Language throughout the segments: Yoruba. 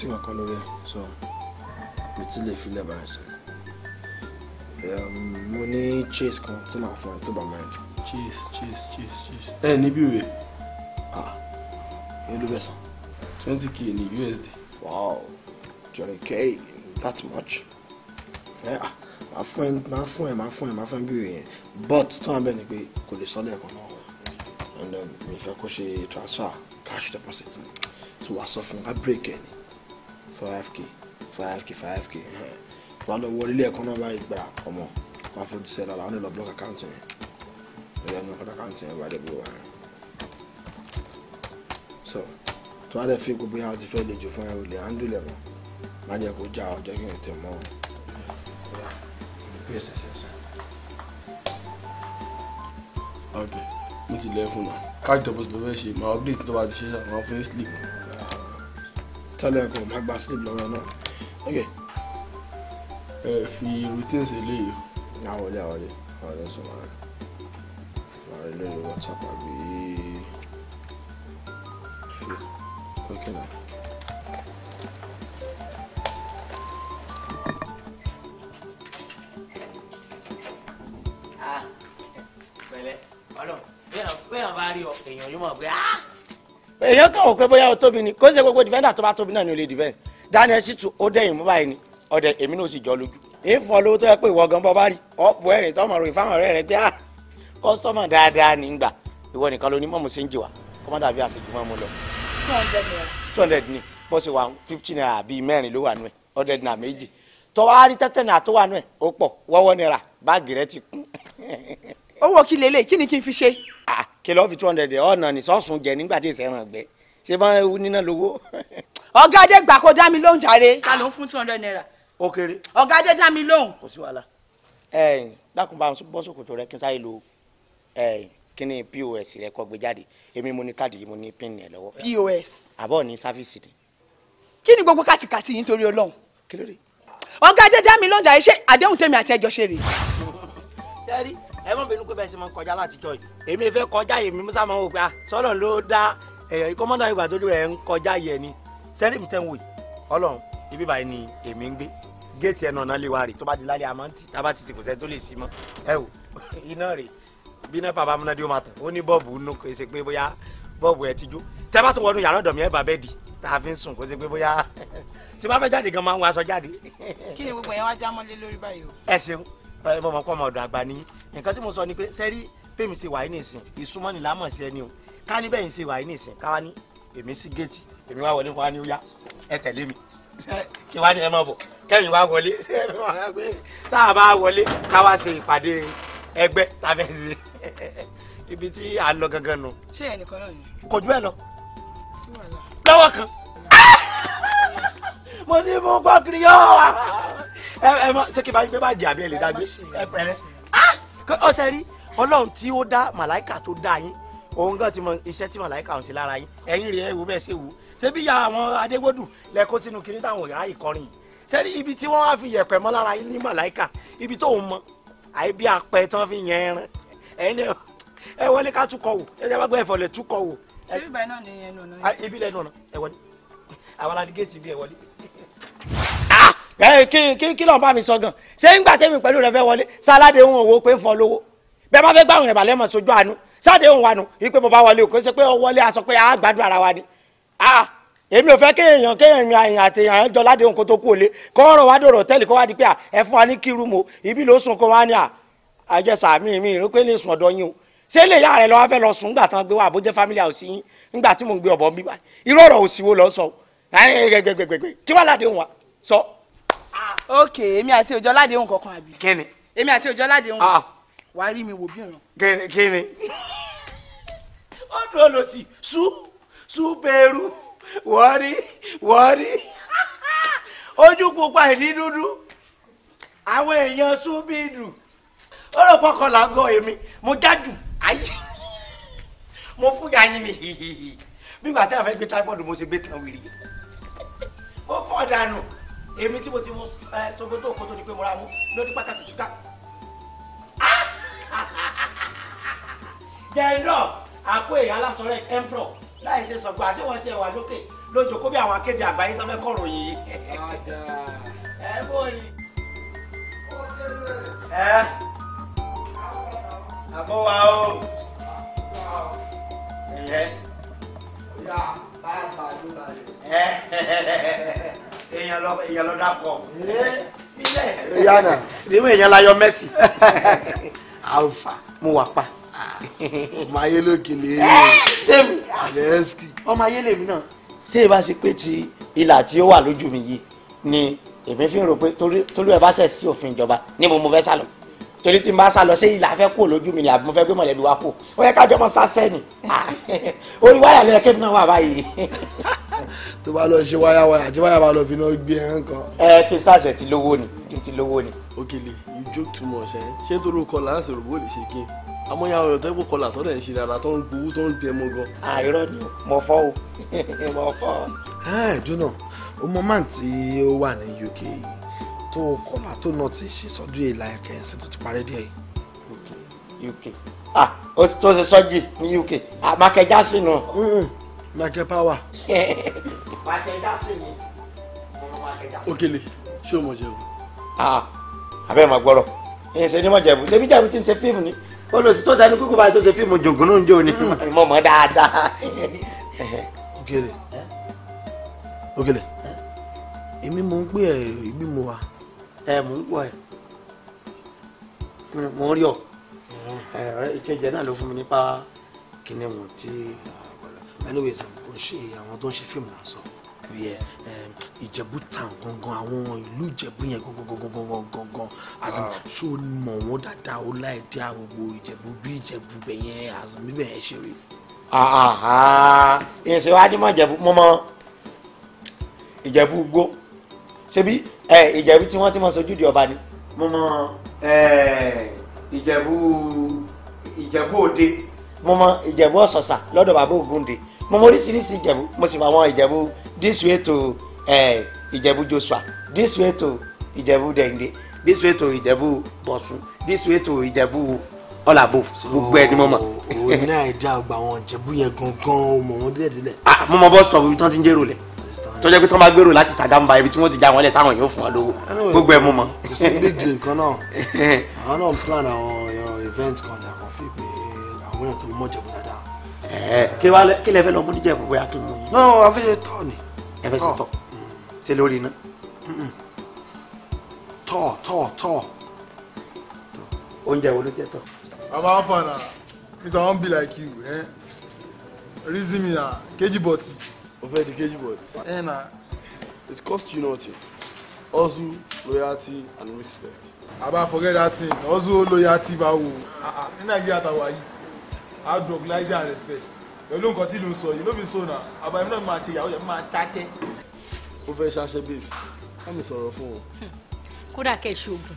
sí kankan lórí ẹ̀ so mi ti lè filẹ̀ báyìí sọ um, mo ní chase kan tí màá fún ẹ tó bá máa jù. chase chase chase chase ẹ níbí rẹ ah èló bẹ san. twenty k ní USD. wow twenty k that much. Yeah máa fún ẹ máa fún ẹ máa fún ẹ máa fún ẹ bí òye yẹn but tó wà bẹ́ẹ̀ ni pé kò lè sọ lẹ́ẹ̀kan náà wọn and mi fẹ́ kó ṣe transfer cash deposit so wàá sọ fún ká break ẹ ni five k five k five k eh. wà lọ wọlé ilé ẹ̀kọ́ náà báyìí gbà ọmọ wà fojú sẹ́ra wà nílò block account yẹn lórí ẹ̀mí ọ̀pọ̀ta account yẹn wà lẹ́bí wà yẹn so tó wà lẹ́ fi gbogbo yẹn àti fẹ́ lè jù fún ẹ olè handle ẹ̀ mọ́ má jẹ́ kó já ọjọ́ kí n tẹ̀ mọ́ ọ. ok mo ti lẹ́ fún un káàkiri tó bó ti bẹ́ẹ̀ ṣe máa update tó bá ti ṣe máa fún yín sleep tẹ́lẹ̀ nǹkan máa gba sleep lọ́wọ́ náà ok. ẹ fi routine sí ilé yìí. àwọlé àwọlé àwọlé sọ máa máa rí lórí whatsapp àbí fi ok náà. ah pẹ̀lẹ́ Ọlọ́run bẹ́ẹ̀ bá rí ọ èèyàn yóò mọ̀ pé ah. èyàn kàn wọ́n pé bóyá o tóbi ni kó gbogbo defender tó bá tóbi náà ni o lè defend Daniel Shitu ó dẹ̀yìn mú báyìí ni ọ̀dẹ̀ èmi náà sì jọ lójú lówó tó yẹ pé ìwọ gan bọ́ bá rí ọ̀pọ̀ ẹ̀rìn ọ̀rẹ́ rẹ pé ah dáadáa ní gbà ìwọ nìkan ló ní owó kí lélẹ̀ kí ni kí n fi ṣe. kí ló fi two hundred ọ̀nà ní sọ́ọ̀sùn jẹ nígbà tí ìṣẹ̀ràn gbẹ ṣé bá ewu níná lówó. ọ̀gá adé gbà kó dá mi lóhùn jàre. ta ló ń fún two hundred naira. ó kéré. ọ̀gá adé dá mi lóhùn. kò sí wàhálà ẹ̀yìn dákun bá bọ́ sòkòtò rẹ kí n sáré lo ẹ̀yìn kí ni pos rẹ kọ́ gbé jáde èmi mo ní káàdì yìí mo ní pin rẹ lọ́wọ́. pos. àbọ̀ ní sáfíìsì ni. kí ni gbogbo kàtìkàtì yìí nítorí ọlọ́run. kí ló dé. ọ̀gá adé dá mi lóhùn jàre ṣé àdéhùn tèmi àti ẹjọ́ ṣe rèé ẹ mọ̀ bínú pé bẹ́ẹ̀ ṣe mọ̀ kọjá látijọ́ yìí èmi fẹ́ kọjá yìí mi musa máa ń wò pé ah, sọ́nà ló dá èèyàn kọ́mọ́dà ìgbà tó dúró ẹ̀ ń kọjá yìí ẹni sẹ́rí mi tẹ́ ń wò yìí ọlọ́run ibi báyìí ni èmi ń gbé géètì ẹ̀nà ọ̀nà lè wá rè tó bá di lálẹ́ àmọ́ tí tábà ti ti kò sẹ́ tó lè sí mọ́ ẹ wò iná rè bí náà bàbá múnadé ó máa tàn ó ní bọ́ọ̀bù nù kò ṣe pé bóyá bọ́ọ̀bù ẹ ti jó tẹ́ bá tún wọnú yàrá ọ̀dọ̀ mi ẹ̀ bàbẹ́ di tá a fi ń sùn kó ṣe pé bóyá tí bá fẹ́ jáde gan máa ń wọ aṣọ jáde. kí ni gbogbo yẹn wá já mọ́lé lórí báyìí o. ẹ ṣeun ẹ mọ̀ mọ̀kọ́ ọmọ ọ̀dọ̀ àgbà ni nǹkan tí mo sọ ni pé sẹ́rí pèmí ṣe wàyí nìsín ìsúmọ́ni lámọ̀ sí ẹni o ká ní bẹ́ẹ̀ ń ṣe wàyí nìsín káwa ní èmi sí géètì èmi wá wọlé wá ní ó ẹ tẹ̀lé mi kí wá ní ẹ má bọ̀ kẹ́yìn wá wọlé tá a bá wọlé káwa ṣe ìpàdé ẹgbẹ́ tàbí ẹ̀sìn ibi tí a lọ gangan nù. ṣé ẹnìkan náà ni. kò jù bẹ́ẹ̀ lọ. lọ́wọ́ kan mo ní mú kọ́kiri yọ̀ọ́ ẹ ẹ mọ ṣé kí n bá yín pé bá jẹ àbí ẹ lè dágbé ẹ pẹ̀lẹ́ ọsẹ ah! rí Ọlọ́run tí ó dá màláìkà tó dá yín òun gan ti mọ iṣẹ́ tí màláìkà ń ṣe lára yín ẹ̀yin rèé wo bẹ́ẹ̀ ṣe wò ṣé bí ya àwọn adégbòdù lẹkọ sínú kiri táwọn ìyá ìkọrin yìí ṣé ibi tí wọn á fi yẹ̀pẹ̀ mọ lára yín ní màláìkà ibi tó ń mọ àyè bí apẹ tán fi yẹn ẹran ẹ̀yin náà ẹ wọlé ká túkọ wò ẹ jábàgbọ ẹfọlẹ túkọ wò. ṣé ibà náà ni ẹnu ọ̀nà. Ah, ibi lẹnu ọ̀nà ẹ wọlé àwọn aládìgẹ́tì bí ẹ wọlé. Eh, kí ló ń bá mi sọ gan ṣé ń gbà tẹ́mi pẹ̀lú rẹ fẹ́ wọlé sáládé òun òwò pé ń fọ lówó bẹ́ẹ̀ bá fẹ́ gbà òun ìbàlẹ̀ mọ̀ sójú àánú sáde òun wa nù wípé mo wọlé òkè ṣe pé ó wọlé aṣọ pé a gbádùn ara wa ni èmi ò fẹ́ kéèyàn kéèyàn àyàn àti àyàn jọ ládé òun kó tó kú òlé kó ọ̀rọ̀ wá dòrò tẹ́lẹ̀ kó wá ibi ló sùn kó wá ní àjẹsà mi mi ìrúpé lè sùn ọ̀dọ̀ yín o ṣé lè yára ẹ lọ́wọ́ fẹ́ lọ sùn ńgbà tán gbé wa ok èmi àti òjò aládé òun kankan àbí. kíni. èmi àti òjò aládé òun. Ah. wà á rí mi wò bí ìran. kíni kíni. ó dùn olùsí sú sú bẹ̀rù wọ́ọ́rí wọ́ọ́rí ojú pupa ìdí dúdú àwọn èèyàn súbìdù ó rò pọkàn làgọ èmi mo jájú ayé mo fún yàrá yín mi hìhìhì bí gbàtí àwọn fẹ́ gbé tábọ̀dù mo ṣe gbé tán wìrì mo fọ́ dànù èmi tí mo ti mú ṣògbótó òkú tó di pé mo ra mú lórí pátákì kíkà jẹ́ndọ̀ àpò èèyàn alásọ̀rẹ́ emperor láì ṣe sọ̀gbọ́n àti wọ́n ti ẹ̀ wà lókè lójó kó bí àwọn akéde àgbáyé tó fẹ́ kọ̀rọ̀ yìí. ẹ bó ni. ẹ àbọ̀ wa o. ẹ̀yẹ. ó yà bá a bá a ló bá a lè sọ èèyàn lọ èèyàn lọ dàpọ̀ bílẹ̀. Eh. yánà rímọ èèyàn láyọ mẹ́sì. alfa mo wà pa. ọmọ ayé lókèlè. Eh, sèmi alẹ́sìkì. ọmọ ayé lèmi náà ṣé ìbá ṣe pé ti ìlà tí ó wà lójú mi yìí ni èmi fi ń rò pé tolú ẹ bá ṣẹ̀ sí òfin ìjọba níbo mo fẹ́ sálọ torí tí n bá sá sí ilà fẹ́ kó lójú mi ni àbí mo fẹ́ gbé mọ̀lẹ́bí wa kó ó yẹ ká jọmọ sá sẹ́ni orí wáyà lẹ́yìn kébì náà wà báyìí. tó bá lọ ṣe wáyà tí wáyà bá lọ fi náà gbé ẹ̀ ń ẹ kí n ti lówó ni kí ti lówó ni. Okele you joke too much ẹ eh? ṣé torí o kọlà láti rògbò lè ṣe kí n amóyá ọyọ tó ń kó kọlà tó dẹ̀ ń ṣe dáadáa tó ń gbowó tó ń bí ẹmọ gan. àìrọ ni mo fọ o mo fọ. ẹ dúnà o mọ máa tí ó wà ní UK tó kọlà tó náà ti ṣe sọdún èèlà ẹkẹ tó ti parẹ́ díẹ̀ yìí. UK ah ó tó ṣe sọ́jì ní UK àmàkẹ́já sínú. Michael Power. Òkèlè ṣé o mọ̀ jẹ̀bù? Àbẹ́ máa gbọ́rọ̀. Èsè ni mo jẹ̀bù. Ṣebí jẹ̀bù ti ń ṣe fíìmù ni. Olùsí tó sani kúkú báyìí tó ṣe fíìmù jòǹgùnú ń jò ni. Hmm. Mo mọ̀ dáadáa. Òkèlè. Òkèlè. Èmi mò ń gbé ẹ̀ ìbí mo wa. Ẹ mò ń gbọ́ ẹ̀. Mo rí ọ. Hmm. Ìkejì náà ló fún mi nípa kìnìún tí. Ẹnu wèé sọ̀rọ̀ ṣe àwọn tó ń ṣe fíìmù náà sọ yẹ ìjẹ̀bú town gangan àwọn ìlú ìjẹ̀bú yẹn gangan àti ṣó mọ̀ wọ́n dáadáa ó láì dí àwòwò ìjẹ̀bú bí ìjẹ̀bú bẹ̀ yẹn àtàn ṣe rí. èsì wa dímọ̀ ìjẹ̀bú mo mọ ìjẹ̀bú gbó ṣebí ìjẹ̀bú tí wọ́n ti mọ sojú di ọba ni mo mọ ìjẹ̀bú ìjẹ̀bú òde mo mọ ìjẹ̀bú ọ̀sọ̀sà lọ́dọ̀ bàbá ògúndé mo mọ oríṣiríṣi ìjẹ̀bú mo sì mọ àwọn ìjẹ̀bú this way to eh, ìjẹ̀bú joshua this way to ìjẹ̀bú dẹ̀ǹdẹ̀ this way to ìjẹ̀bú bọ̀sùn this way to ìjẹ̀bú ọ̀làbò gbogbo ẹ̀ ni mo mọ̀. òun oh, oh, náà ẹ̀ dá ọgbà àwọn ìjẹ̀bú yẹn gangan o mọ̀ wọ́n díẹ̀ díẹ̀. Ah, mo mọ bọ́ sọ̀rọ̀ ibi tí wọ́n ti ń jẹ́rò lẹ̀ tọ́jà pé tí wọ́n bá gbèrò láti Ṣàgámbà ibi tí wọ́n ti já wọn lẹ̀ táwọn yóò fún ọ lówó gbogbo ẹ̀ mo mọ̀. kò sí big deal kan náà àwọn náà plan àwọn eh, event kan ní àkànfẹ́ pé àwọn èèyàn tó mọ̀ jẹ̀bú dáadáa Eh, kí lẹ fẹ́ lọ mú níjẹ̀bú bóyá kí n mú yín. náà a fẹ́ ṣe tọ̀ ni. ẹ fẹ́ ṣe lórí iná. tọ̀ tọ̀ tọ̀. oúnjẹ wo ló jẹ́ tọ̀. bàbá wọn mr wan be like you eh? reason me na ah, kg bọ̀tì. o fẹ́ di kg bọ̀tì. ẹ eh, na. it cost you nothing hustle loyalty and respect. àbá forget that thing hustle loyalty bá wò ah, ah, ní nàìjíríà tàwa yìí outdog naija and respect pẹ̀lú nǹkan tí ìlú ń sọ yìí ló fi sọ náà àbá ẹ̀mí náà máa ti ìyàwó yẹn máa tájẹ́. ó fẹ́ ṣàṣẹ babes ká mi sọ̀rọ̀ fún wọn. Hmm. kódà kẹ́ ṣoògùn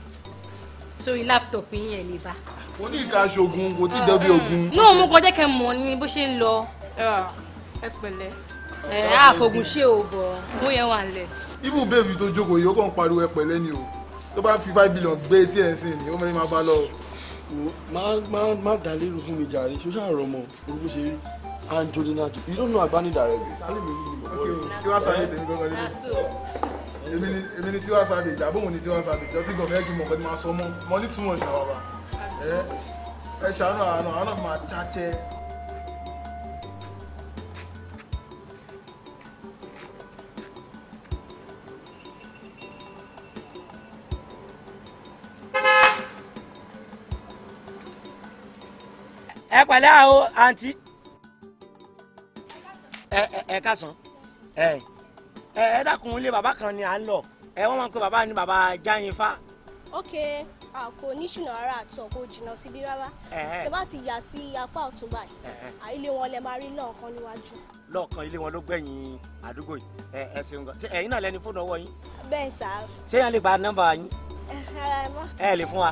sórí láptọ̀pù yín ẹ̀ lè bá. mo ní ìka ṣoògùn kò tí ì dẹ́bi ògùn. náà mo kọjá kẹ́ mọ̀ ni bó ṣe ń lọ. ẹ pẹ̀lẹ́ ẹ àfọgùn ṣe ò bọ̀ mú yẹn wà lẹ̀. ibù bèbí tó jókòó yìí ó kàn pariwo ẹ pẹ̀lẹ́ ni o tó bá fi five billion gbé sí ẹ̀ ń sìn ni ó mẹ́rin máa bá lọ má dá lérò fún mi jàre ṣó ṣáà rọmọ orúkọ ṣe rí anjoli nato you don't know agbani directly. kí wàá sáré tèmi gbọ́dọ̀ lé mi èmi ni tí wàá sáré ìjà bóun ni tí wàá sáré ìjọ tí gọ̀mẹ́ ju mọ̀kọ́ ni máa sọ mọ́ mọ́ ní túmọ̀ ìṣẹ̀wá ẹ ṣàánú àánú àánú máa dájẹ́. pẹ̀lẹ́ o àǹtí ẹ ẹ ẹ kásán ẹ ẹ ẹ dákun ilé bàbá kan ni à ń lọ ẹ wọ́n máa ń pe bàbá ni bàbá Jáyínfá. ok a kò ní ṣìnà ara àtọ̀ kò jìnnà síbi rárá tó bá ti yà sí apá ọ̀tún báyìí àìlè wọn lè máa rí lọ́ọ̀kan níwájú. lọ́ọ̀kan ilé wọn ló gbẹ̀yìn àdúgbò yìí ẹ ẹ ṣeun gan ṣe ẹ̀yin náà lẹni fóònù ọwọ́ yín. bẹ́ẹ̀ sá. ṣé yẹn lè gba nọ́mbà yín. ẹ lè fún wa.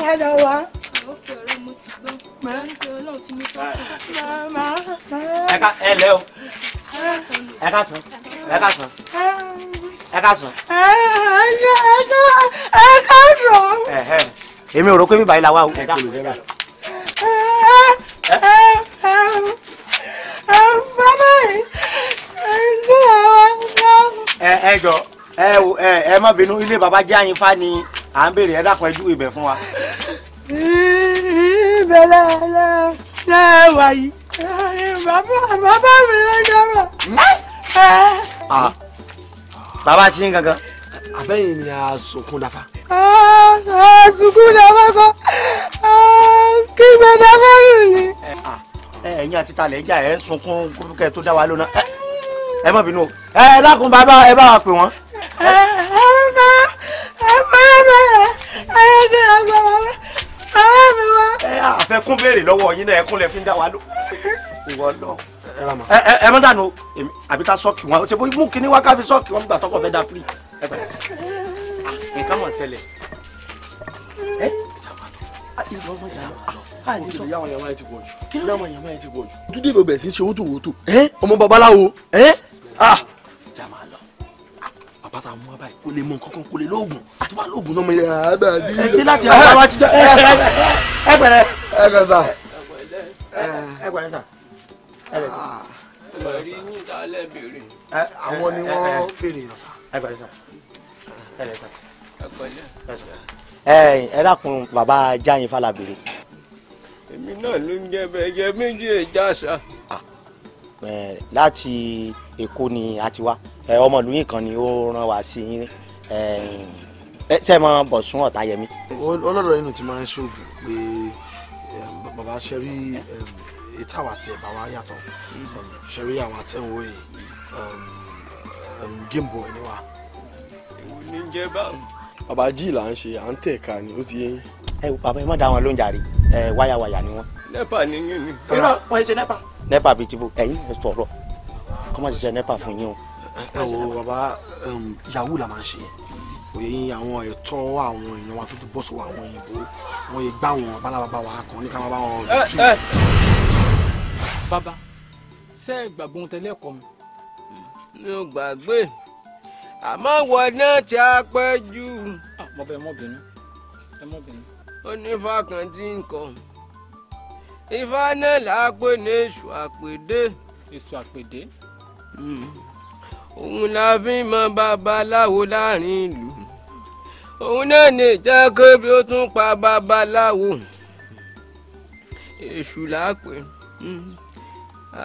padà wá. òkè ọ̀rẹ́ mo ti gbọ́ máa ń pe ọlọ́run fún mi sọ́kàn. ẹ̀ka ẹ lẹ́ o ẹ̀ka sàn ẹ̀ka sàn ẹ̀ka sàn. ẹ̀ka ẹ̀ka sàn. èmi ò rò pé bíbáyìí la wá o. bàbá yìí ẹ ẹ jọ ẹ ẹ má bínú ilé baba jẹ́ àyínfá ni à ń béèrè ẹ dákun ẹ júwe ibẹ̀ fún wa ibẹ̀ lẹ́wà yìí bàbá mi lọ́jọ́ náà. bàbá ti ń gangan. àbẹ́yìn ni a sunkún dafa. a sunkún dafa kọ́ kí ibẹ̀ dafa yìí ni. ẹ̀yin àti talẹ̀ ìjà ẹ̀ ń sunkún kúrúkẹ́ tó dá wa lónà ẹ má bínú o ẹ lákun bàbá ẹ bá wa pè wọ́n. ẹ ẹ má ẹ má ẹ má ẹ ẹ ṣe àgbà bàbá ọ̀rẹ́ mi wá. ẹ béèrè lọ́wọ́ yín náà ẹkún lẹ fi ń dá wa lò ìwọ lọ. ẹ mọ dànù àbí ta sọọkì wọn ṣe mú kíní wá káfí sọọkì wọn gbà tọkọ fẹ da firi ẹ bẹ ah, nǹkan mọ̀ ṣẹlẹ̀. ẹ ìlú ọmọ yàrá yàwọn yàwọn yẹn ti pọ̀ jù yàwọn yàwọn yẹn ti pọ̀ jù. túndé bẹ̀rẹ̀ sí ṣe wótòwótò ọmọ babaláwo bàtà mú wa báyìí kò lè mọ kankan kò lè lóògùn tó bá lóògùn náà mo yà á bá a di. ẹ ṣe láti àwọn àwọn àtijọ́ ẹ ẹ pẹ̀lẹ́. ẹ kọ sá ẹ pẹ̀lẹ́ sá ẹ pẹ̀lẹ́ sá. àwọn ni wọ́n fèrè yàn sá. ẹ pẹ̀lẹ́ sá ẹ pẹ̀lẹ́ sá ẹ ẹ dákun bàbá jáyin falabere. èmi náà ló ń jẹ bẹ́ẹ̀ jẹ méjì ah, ẹ já sa. láti èkó ni a ti wá ọmọ kan ni ó rán wa sí yín ṣe mọ Bọ̀sún Ọ̀tayẹmí. ọlọ́dọ̀ inú ti máa ń ṣoògùn pé bàbá ṣẹ́rí ìtawà tí ẹ̀ bá wá yàtọ̀ ṣẹ́rí àwọn àtẹ̀wò yìí gémbò ẹ̀ níwá. èwo ni ń jẹ́ báwọn. bàbá jí là ń ṣe à ń tẹ̀ ká ni ó ti yé yín. ẹ bàbá ẹ má dá wọn lóúnjẹ àrí ẹ wáyàwáyà ni wọn. nẹ́pà ni yín ni. irọ́ wọ́n ṣe nẹ́pà. nẹ́pà bíi tìbú ẹ̀yin sọ̀rọ̀ kọ́mọ̀ ṣiṣẹ́ nepa fún yín o. ẹ wo bàbá um, yahoo la máa ń ṣe òye yín àwọn ẹ̀tọ́ àwọn èèyàn wa tó ti bọ́ sọ́wọ́ àwọn òyìnbó wọ́n yẹ gbá wọn balababa wa kan ní ká máa bá wọn tù. bàbá ṣé ẹ gbàgbọ́ ohun tẹ́lẹ̀ kọ́ mi. mi ò gbàgbé àmọ́ wọ náà ti á pẹ́ jù. mo bẹ mọ bínú ẹ mọ bínú. ó ní fàkàntì nǹkan ifá náà làá pè ní èṣù àpèdé. èṣù àpèdé òun hmm. la fi mọ babaláwo láàrin ìlú òun náà ní ìjà kébi ó tún pa babaláwo èṣù lápè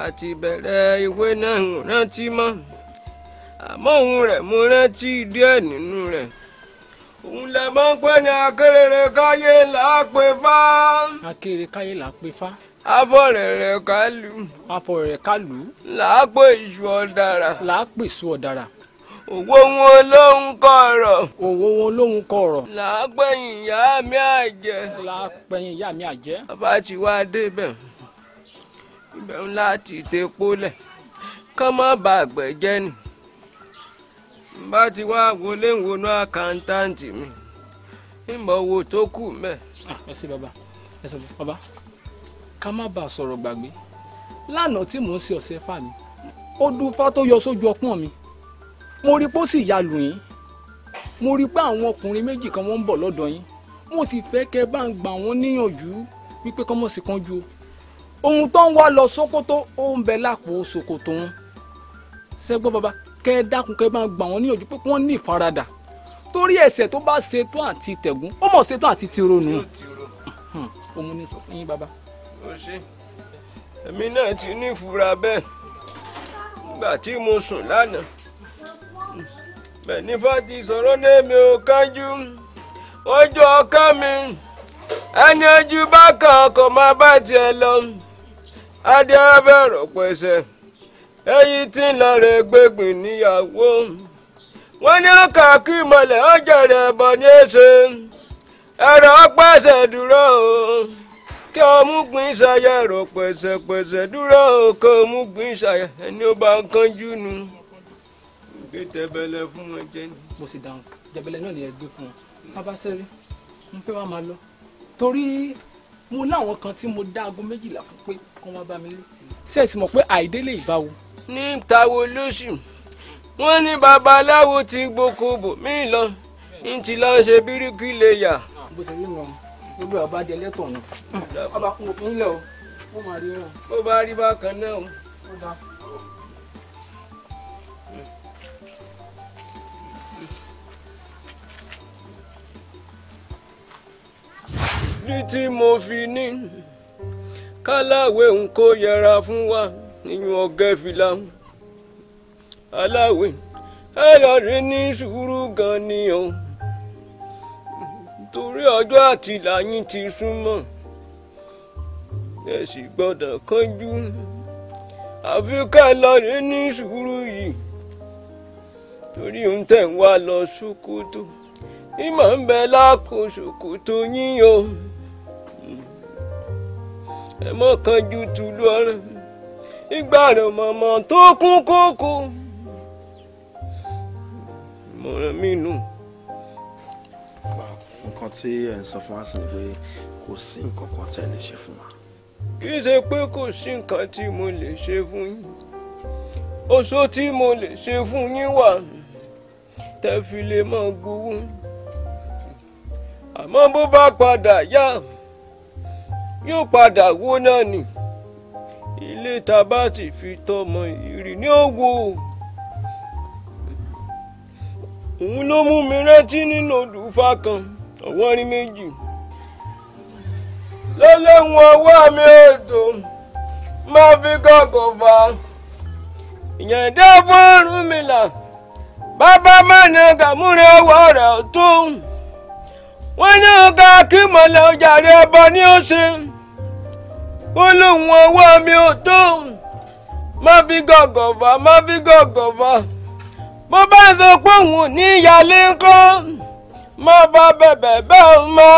àti hmm. bẹ̀rẹ̀ ìwé náà rántí mọ́ àmọ́ òun rẹ̀ mo rántí díẹ̀ nínú rẹ̀ òun lẹ̀ mọ́ pé ní akérèrè káyé là pè fá. akérèrè káyé là pè fá. abọ̀rẹ̀rẹ̀ kálù. afọ̀rẹ̀rẹ̀ kálù. làápò ìṣù ọ̀dàrà. làápò ìṣù ọ̀dàrà. òwò wọn lóhun kọ̀rọ̀. òwò wọn lóhun kọ̀rọ̀. ìyá mi ìyá mi bàbá ti wá débẹ̀ ibẹ̀ láti tepo lẹ̀ kọ́ mọ́ bá bá ti wá wọlé wọnú àkántáǹtì mi ìmọ̀ wo tó kù mẹ́. Ah, ẹ bàbá ẹ bàbá. ká má bàa sọ̀rọ̀ gbàgbé lánàá tí mò ń ṣe ọ̀sẹ̀ fà mí ó dún fá tó yọ sójú ọpọ́n mi mo rí pé ó sì ya lù yín mo rí pé àwọn ọkùnrin méjì kan wọ́n ń bọ̀ lọ́dọ̀ yín mo sì fẹ́ kẹ́ bá ń gbà wọ́n níyànjú wípé kọ́mọ̀ sí kánjú o ohun tó ń wá lọ sókótó ó ń bẹ lápò ṣòkòtò wọn ṣẹgbọ́n bàbá kẹ́ ẹ dákun kẹ́ bá ń gbà wọ́n níyànjú pé kí wọ́n ní ìfaradà torí ẹ̀ṣẹ̀ tó bá ṣetán àti tẹ̀gún ó mọ̀ ṣetán àti tìrónú òun ni sọ fún yín bàbá. ó ṣe èmi náà ti ní ìfura bẹ́ẹ̀ nígbà tí mo sùn lánàá bẹ́ẹ̀ ní fati sọ̀rọ̀ náà mi ò kánjú ojú ọkàn mi ẹni ojú bá kan ọkọ̀ máa bá tiẹ̀ lọ adé abẹ́rọ̀ pẹ̀sẹ̀ èyí tí ń lọ rẹ̀ gbẹ̀gbìn níyàwó wọ́n ní ọkà kí ìmọ̀lẹ̀ ọjọ́ rẹ̀ bọ̀ ní èso ẹ̀rọ pẹ̀sẹ̀ dúró o. kí ọmúgbìn ṣayẹ rò pẹ̀sẹ̀pẹ̀sẹ̀ dúró kí ọmúgbìn ṣayẹ ẹni ó bá ń kánjú nu gbé tẹbẹlẹ fún wọn jẹ ni. mo sì dáhùn jẹbẹlẹ náà ni ẹ gbé fún wọn bàbá sẹrí n pé wàá máa lọ torí mo láwọn kan tí mo dá aago méjìlá fún pé kí wọn bá mi lé sẹẹsì mọ̀ pé àìdélé ìbáwo. ní ìtawọ lóṣù wọn ní babaláwo ti gbókòbò mí lọ ń ti lọ ṣe bíríkì lè yà. bó ṣe rí wọn gbogbo ọba jẹ lẹ́tọ̀ wọn ọba kún òfin ńlẹ̀ o ó máa rí ràn. ó bá rí bákan náà o. ní tí mo fi ní káláwé ń kó yẹra fún wa nínú ọgẹ́ fìlà aláwé ẹ lọ rí ní sùúrù gan ni o. torí ọjọ́ àti ti súnmọ́ ẹ sì gbọ́dọ̀ kánjú àfi ká lọ rí ní sùúrù yìí torí ń tẹ̀ wá lọ ṣòkòtò ìmọ̀ ń bẹ lápò ṣòkòtò yín o ẹ kánjú tùlú ọ̀rẹ́ nǹkan tí ẹ̀ ń sọ fún wa sí ni pé kò sí nǹkan kan tẹ́ ẹ lè ṣe fún wa. kì í ṣe pé kò sí nǹkan tí mo lè ṣe fún yín oṣó tí mo lè ṣe fún yín wà tẹ́ fi lè máa gbowó àmọ́ bó bá padà yá yóò padà wó náà nì ilé ta bá ti fi tọmọ ìrì ní òwò òun ló mú mi rántí nínú òdùfá kan ọwọ́ rí méjì lọ́lẹ́wọ̀n ọwọ́ mi ò dùn máa fi gọ́gọ́ bá ìyànjẹ́ fọ́ọ̀rùn mi là bàbá mánà gàmúrẹ́ ọwọ́ rẹ̀ ọ̀tún wọ́n ní ọ̀gá akímọ̀lẹ̀ ọjàre ẹbọ ní òsì ó ọwọ́ mi ò tó má fi gọ́gọ́ bá má fi gọ́gọ́ bá bó bá sọ pé òun ò ní ìyálé ńkọ́ má bá bẹ̀bẹ̀ bẹ́ẹ̀ má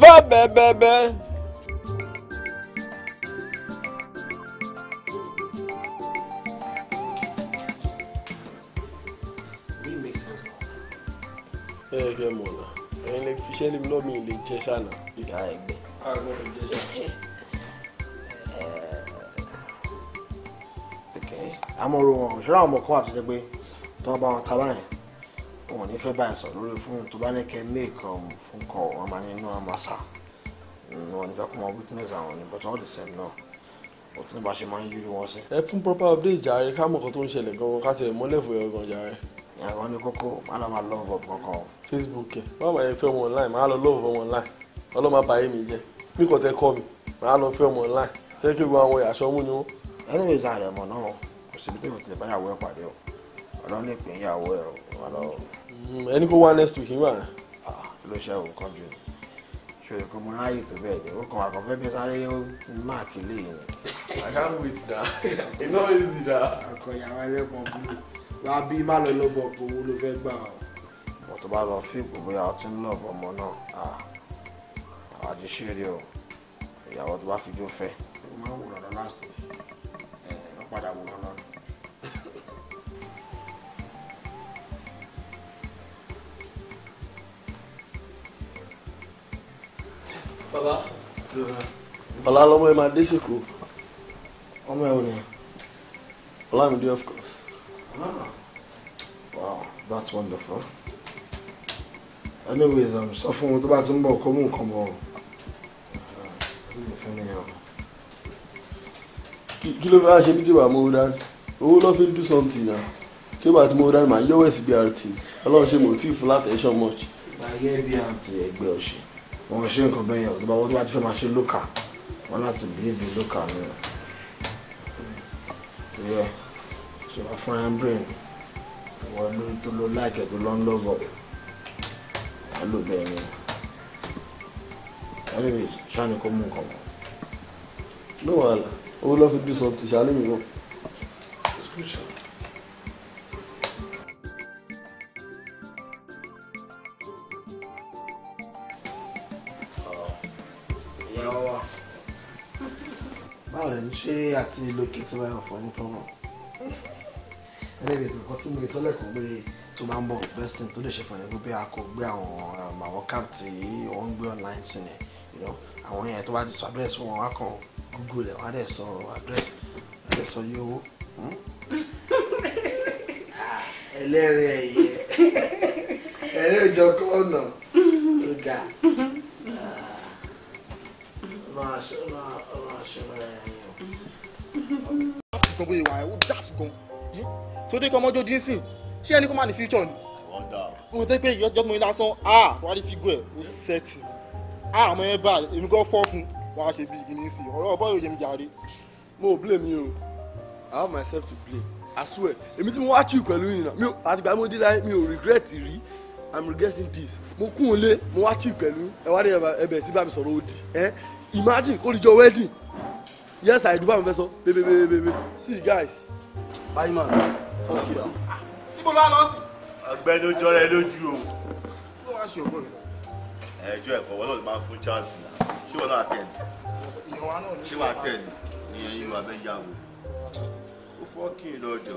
fà bẹ̀bẹ̀ bẹ́ẹ̀. ẹ kẹ mọ ọ̀nà ẹ̀yin lè fi sẹ́lẹ̀ lọ́ mi lè jẹ ṣáná. ìyá ẹgbẹ́. a gbọ́dọ̀ jẹ ṣáná. àmọ́ ọ̀rọ̀ wọn ṣọ́ra àwọn ọmọ kan àti ṣe pé tọ́ bá wọn ta báyìí wọn ní fẹ́ báyìí sọ lórí fún tó bá ní kẹ́ make fún kọ wọn máa ní inú amasa hmm, wọn ní fẹ́ kó wọn witness àwọn ní but all the same náà kò tí ní bá ṣe máa ń yírí wọn sí. ẹ fún proper update jàre ká mọ̀ kan tó ń ṣẹlẹ̀ gangan ká tiẹ̀ mọ́lẹ̀ fún ẹ̀rọ gan jàre. ìyàwó ní kókó máa máa love up kankan. Facebook ẹ wọn máa yẹ fẹ́ ọmọ online máa lọ love ọmọ online ọlọ́mọ abayé mi jẹ mi kò tẹ kọ́ mi máa lọ fẹ́ ọmọ online tẹ́ kí gbogbo àwọn ìyàsọ́ mú ni wọ́n. ẹni mi ìjà rẹ̀ mọ̀ náà kò síbi tí mo ti báyàwó ẹ̀ pàdé o ọlọ́run ní ìpínyàwó ẹ̀ o Mm, ẹni kó wá next week Ah, ló ṣe òun kan jù ṣòro kò mú ráyè tó bẹ́ẹ̀ ni ó kàn àkọ́ fẹ́ fẹ́ sáré máa kílè ni. I can't wait na it's not easy na. akọ̀yàwó ẹlẹ́kọ̀ọ́ bíi wá bí má lọ lọ́bọ̀ owó ló fẹ́ gbà ọ́. mo tó bá lọ sí ìgbòbóyà ọtí ń lọ ọmọ náà àjẹṣẹ́rẹ́ ah, o ìyàwó tó bá fi jó fẹ́. ó máa ń wòrán lọ láti ọ̀padà wòrán Baba, ọ̀la lọ́mọ ẹ máa dé sèkó ọmọ ẹ ò ní Olamide of course. wow that's wonderful anyways um, sọ fún un tó bá ti ń bọ̀ kó mú nǹkan bọ̀ kí ló fẹ́ ṣe bí tí wàá mú dání owó lọ́ fi do something na tí ó bá ti mú dání màá yọ̀wẹ̀ sí brt ọlọ́run ṣe mo tí ì fún látẹ̀ṣọ́ much. ìgbà yẹ́ bí àǹtí ẹgbẹ́ ọ̀ṣẹ́ wọn ṣe nǹkan bẹ́ẹ̀ yẹn ọ̀dọ́ba wọn tó bá ti fẹ́ máa ṣe lókà wọn láti bíìdì lókà ni yẹ ṣe wá fún embrain wọn ló tó ló láìkẹ́ tó lọ́ ń lọ́bọ̀ wọn ló bẹ́ẹ̀ yẹn wọn lè ṣáni kó mú nǹkan wọn. ló wà á la owó lọ́ fi dùn sọ ti ṣàlẹ́ mi náà. ṣé àti lókè tí wọ́n fọ ní pọ́nmọ́ ẹlẹ́gbẹ̀ẹ́ nǹkan tí mo lè sọ́lẹ̀ kó gbé tó bá ń bọ̀ best thing tó lè ṣe fọyín gbé a kò gbé àwọn um, àwọn cap tí wọ́n ń gbé online sí ni àwọn yẹn tó bá ti sọ address wọn wá kàn google ẹ̀ wọ́n á dẹ̀ sọ address wọ́n á dẹ̀ sọ yóò hmm? ẹlẹ́rìí ẹ̀yẹ ẹ̀rẹ́ ìjọ kọ́ọ̀nà ọ̀gá máa ṣọ́ra ọ̀rọ̀ àṣọ́ra ẹ̀ lásán bóyá ìwà ẹ̀ ó dáàfù gan sódé kí ọmọjọ́ dín sìn ṣé ẹni kó má ní future ni. mo tẹ́ pé ìyọjọ́ mi lásán a wà ní fígò ẹ̀ ó sẹ́ẹ̀tì a àmọ́ ẹ bá èmi gan fọ́ fún wà ṣe bí ìgbìmọ̀ sí ọ̀rọ̀ ọ̀bọ̀ yóò yẹ mi jàre. mo blame you o i have myself to blame i swear èmi tí mo wá chill pẹ̀lú yìnyín mi àtìgbà mo dé mi ò regret rí i'm regretting this mo kún un lé mo wá chill pẹ̀lú ẹ wá dé ẹbẹ̀ sí bá mi sọ̀rọ̀ òdì imagine kó dijọ́ wedding yes i do bá mi fẹ́ sọ bébé bébé bébé see guys bye man fuck you. níbo ló wá lọ sí. ọgbẹ́ni ó jọra ẹ lójú o. ló wá ṣe ògbó yìí. ẹjọ́ ẹ̀kọ́ wọn náà ló máa fún chance náà ṣé wọn náà tẹ̀ ní. ṣé wàá tẹ̀ ní ní ẹyin wa bẹ́ẹ̀ yà wò. ó fọ́ kí n lọ jọ.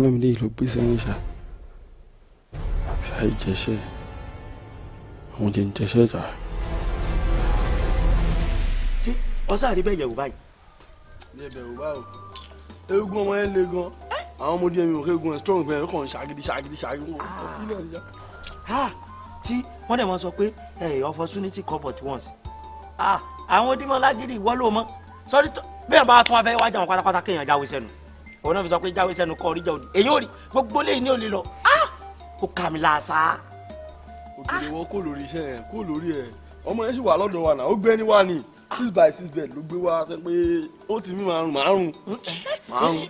tọ́lọ́mídé yìí ló gbé sẹ́yìn ṣá ṣáà ìjẹsẹ́ àwọn jẹ́ ń jẹsẹ́ jà. ṣé ọsàn àríbẹ̀ yẹ̀wò báyìí. ní ẹbẹ̀ wò báyìí eégún ọmọ yẹn le gan àwọn ọmọdé yẹn mi ò kéegun ẹ̀ strong bẹ́ẹ̀ kàn ṣàgídí ṣàgídí ṣàgídí ah. tí wọ́n dẹ̀ mọ́ sọ pé opportunity come but once ah, àwọn onímọ̀ lágídí ìwọ́lò mọ́ sọ́rí bẹ́ẹ̀ bá tún afẹ́ wájà wọn pátápátá kéèyàn jáwé sẹ́nu òun náà fi sọ pé jáwé sẹ́nu kọ́ oríjà òdì èyí ò rí gbogbo lẹ́yìn ní òlè lọ ó kà mí làásà. òkèlè wọn kò lórí iṣẹ́ yẹn kò lórí ẹ̀ ọmọ yẹn sì wà lọ́dọ̀ wa náà ó gbé ní wa ni six by six bed ló gbé wa ṣe pé ó ti mí márùn márùn.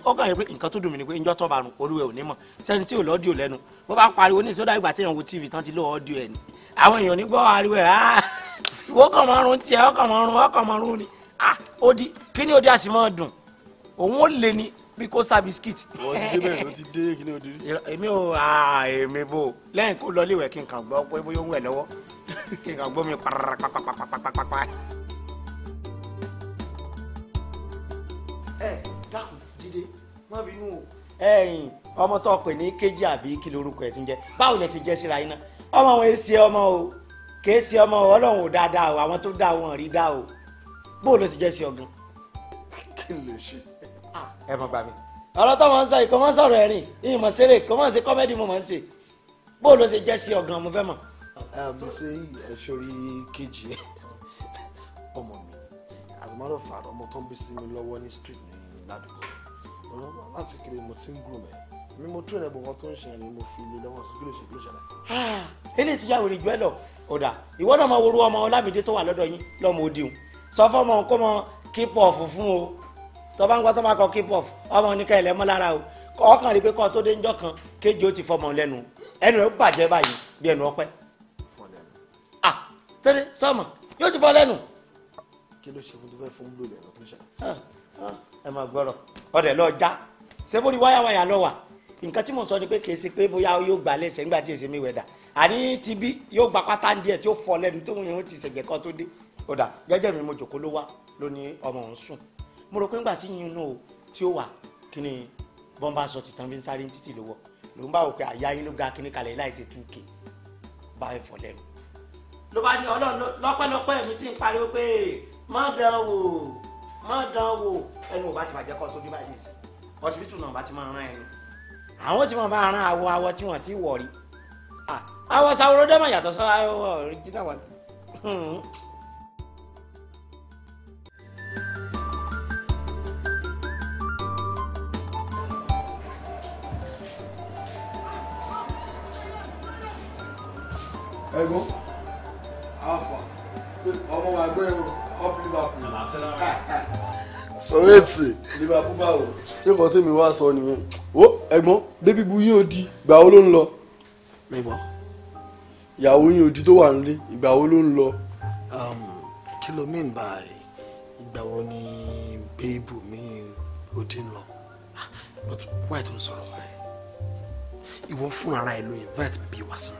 ó kàn yẹ pé nǹkan tó dùn mí ni pé njọ́ tó márùn olúwẹ̀ ò ní mọ̀ sẹ́ni tí ò lọ́ọ́dìò lẹ́nu bó bá ń pariwo ní ìsọdá ìgbà téèyàn wo tv tán ti lọ́ọ́ ọ́dìò ẹ̀ ni àwọn èèyàn ní gbọ́ ariwo ẹ̀ áá ìwọ kàn márùn tiẹ̀ ọkàn márùn ọkàn márùn ni ó di kí ni ó di àsìmọ́ dùn òun ó lè ni bí costa biscuit. wọ́n ti dé bẹ́ẹ̀ ló ti dé kílẹ̀ òdiri. èmi ò èmi bò lẹ́yìn kó lọ léwẹ̀ kí n kàn gbọ́ pé bóyá ó ń wẹ̀ lọ́wọ́ kí n kàn gbọ́ mi pàràpàpàpàpàpàpà. ẹ dákun jíde má bínú o. ẹ̀yin ọmọ tó pè ní kejì àbí kí lorúkọ ẹ ti ń jẹ báwo lẹ ti jẹ síra yín náà ọmọ wọn èsì ọmọ o kèé sí ọmọ Ọlọ́run ò dáadáa o àwọn tó dáa wọn rí dáa o bóò ló ti jẹ sí ọgàn. kí n lè ṣe ẹ mọ̀ gbà mí ọ̀rọ̀ tó máa ń sọ yìí kò máa ń sọ̀rọ̀ ẹ̀rìn yìí mọ̀ ṣeré kò máa ń ṣe kọ́mẹ́dì mo máa ń ṣe bó ló ṣe jẹ́ sí ọ̀gàn mo fẹ́ mọ̀. àmì ṣe ẹ̀ṣọ́rí kejì ọmọ mi as a matter of fact ọmọ tó ń bí sí mi lọ́wọ́ ní street ní ládùúgbò ọ̀rọ̀ láti kiri mo ti ń groom ẹ̀ mi mo tún ẹ̀bùn kan tó ń ṣẹlẹ̀ mo fi ilé lọ́wọ́ sí kílòṣe kílòṣe rẹ̀. Ah, eléyìí ti yà wèrè jù ẹ lọ ọ̀dà ìwọ́dọ̀ máa worú ọmọ ọlámídé tó wà lọ́dọ̀ yín lọ́mọ òdiwọ̀n sọ fọ́mọ kó mọ keep off fún o tó bá ń gbọ́ tó kọ k-pop ọmọ oníkà ilẹ̀ mọ́ lára o ọkàn rí pé kọ́ tó dé ńjọ́ kan kéje ó ti fọmọ lẹ́nu ẹnu rẹ̀ bàjẹ́ báyìí bí ẹnu ọpẹ́. à tẹ́lẹ̀ sọ́mọ̀ yóò ti fọ lẹ́nu. kí ló ṣe fún fún ẹ lọ já ṣé lọ wà nǹkan tí mo sọ ni pé pé bóyá yóò gbà lẹ́sẹ̀ nígbà tí èsì mi àní ti bí yóò gba pátá díẹ̀ tí ó fọ lẹ́nu tó ń ti kan tó dé ọ̀dà gẹ́gẹ́ mi mo mo rò pé ńgbà tí yín nù o tí ó wà kí ni bọ́ńbà sọ ti tán bí ń sáré títì lówó ló ń bá òkè àyà yín ló ga kíní kalẹ̀ láìsí two k bá ẹ fọ lẹ́nu. ló bá ní ọlọ́run lọ́pẹ́lọpẹ́ mi ti ń pariwo pé má dán wò má dán wò ẹnu ò bá ti bàjẹ́ kọ́ sójú báyìí nìsín ọsibítù náà bá ti máa rán ẹnu. àwọn tí wọn bá rán awọ awọ tí wọn ti wọ̀ rí sàwòrán dẹ́mọ̀ yàtọ̀ sọ awọ original one. Hmm. ẹ̀gbọ́n afa ọmọ wa gbẹ up liverpool oretí ah, ah. liverpool báwo. ṣé kò tèmi wá sọ nìyẹn wo ẹ̀gbọ́n bébí bu yín odi ìgbà wo ló ń lọ ẹ̀gbọ́n ìyàwó yín odi tó wà nílé ìgbà wo ló ń lọ. Um, kí ló mean by ìgbà wo ni bébù mi odi ń lọ but why tó ń sọ̀rọ̀ wáyé ìwọ fúnra ẹ ló invite bí wàá sàn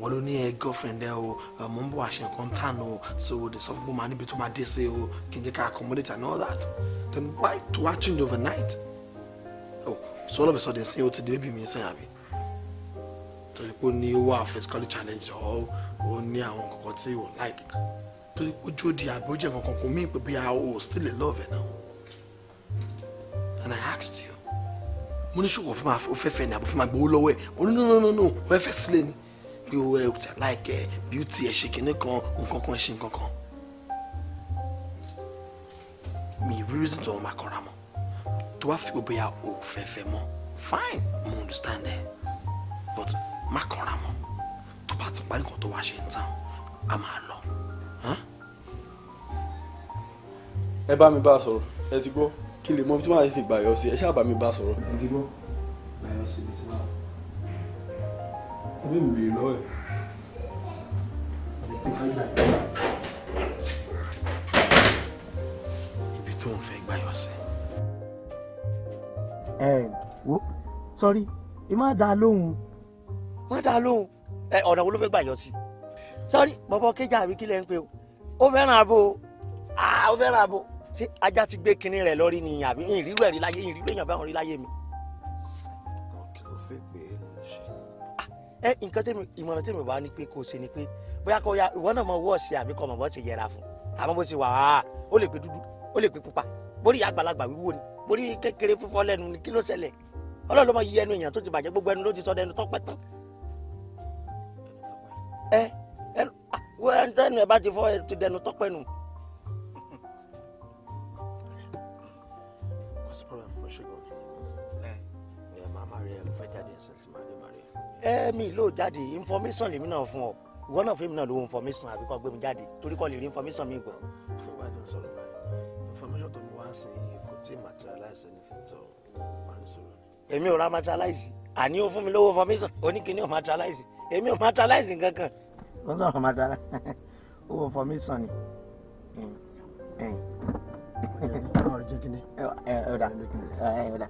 wọ́n ló ní ẹ eh, girlfriend ẹ o eh, mo ń bọ̀ àṣẹ nǹkan tán o so the soft woman níbi tó máa dé sí o kí n jẹ́ ká accommodate and all that then why to wá change overnight oh so all of a sudden sin o ti di baby mi sin àbí torí pé ó ní ó wà physically challenged ọ ó ní àwọn kankan tí ò like torí pé ojú òdi àbí ó jẹ́ kankan kò mí pé bí a ò still in love ẹ̀ náà and I asked you mo ní ṣùgbọ́n o fẹ́ máa fẹ́ fẹ́ ni àbò fẹ́ máa gbowó lọ́wọ́ ẹ̀ o ní no no no no o fẹ́ fẹ́ sílẹ̀ ni pé ó ẹ láìkẹ bíútì ẹ ṣe kinní kan nǹkan kan ẹ ṣe nǹkan kan mi rí reason tó wọn máa kọra mọ́ tó wá fi bóyá o fẹ́ fẹ́ mọ́ fine mo understand ẹ but má kọra mọ́ tó bá ti parí nǹkan tó wá ṣe ń tán a máa lọ. ẹ bá mi bá a sọ̀rọ̀ ẹ ti gbọ́ kí lè mọ bí tí wọ́n á ti gbà yọ sí ẹ ṣáà bá mi bá a sọ̀rọ̀. ẹ ti gbọ́ gbà yọ sí ibi tí wọ́n ẹbí mi bèrè lọ́wọ́ ẹ̀. ibi tó fẹ́ gbà yọ ibi tó ń fẹ́ gbà yọ sí. ẹ wo sọrí ẹ má dáa lóhùn. má dáa lóhùn ẹ ọ̀nà wo ló fẹ́ gbà yọ sí. sọrí bọ́bọ́ kéjà àbí kílẹ̀ ń pe o ó fẹ́ràn abo ah, ó fẹ́ràn abo tí ajá ti gbé kinní rẹ̀ lórí nìyàn àbí ìrírú ẹ̀rí láyé ìrírú èèyàn báwọn rí láyé mi. ẹ nǹkan tèmi ìmọ̀ràn tèmi wá ni pé kò ṣe ni pé bóyá kò ya ìwọ náà mọ owó ọ̀sẹ̀ àbí kọ́ ọmọ bọ́ ti yẹra fún àmọ́ bó ṣe wà á ó lè pé dúdú ó lè pé pupa borí àgbàlagbà wíwò ni borí kékeré fífọ́ lẹ́nu ni kí ló ṣẹlẹ̀ ọlọ́run ló mọ iye ẹnu èèyàn tó ti bàjẹ́ gbogbo ẹnu ló ti sọ dẹnu tọ́pẹ́ tán ẹ ẹnu ẹnu ẹ bá ti fọ́ ẹ ti dẹnu tọ́pẹ́ nù. kò sí problem mo ṣe gan ẹ ẹ máa máa rí ẹ ló fẹ́ jáde ẹsẹ̀ tí màá dé máa rí ẹ mi ló jáde information lèmi náà fún ọ ìwọ náà fẹ́mi náà ló information àbí kọ́ gbé mi jáde torí kọ́ lè rí information mi gbọ́. wà á jọ sọ̀rọ̀ báyìí information tó mi wá ń sìn kò tí ì materialize anything tó wà ń sọ̀rọ̀. èmi ò ra materialize àní o fún mi lówó information oníkíní ò materialize èmi ò materialize nǹkan kan. ó sọ̀rọ̀ materialize owó information ni ọ̀rọ̀ jẹ́ kí ni. ẹ ẹ ọ̀dà ẹ ọ̀dà.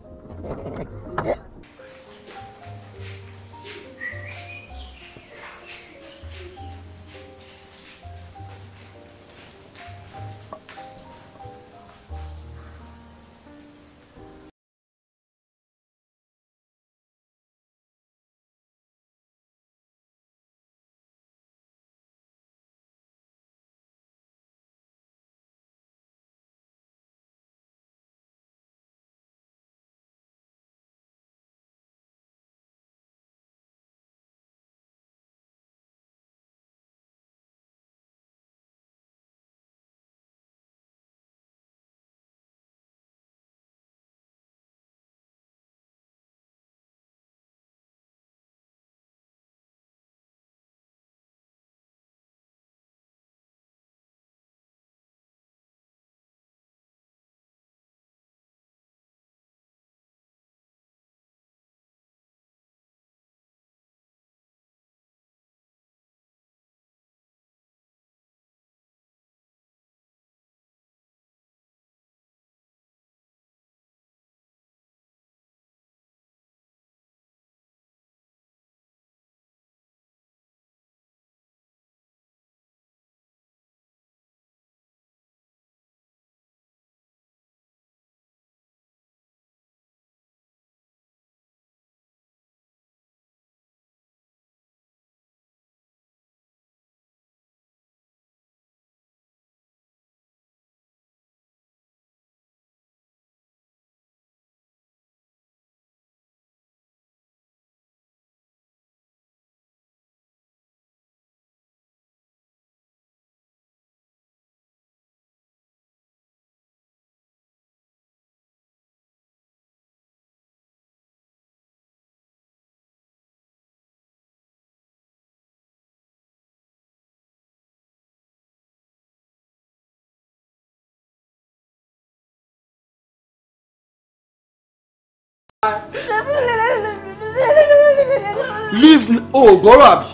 leave o oh, gbọ́rọ̀ àbí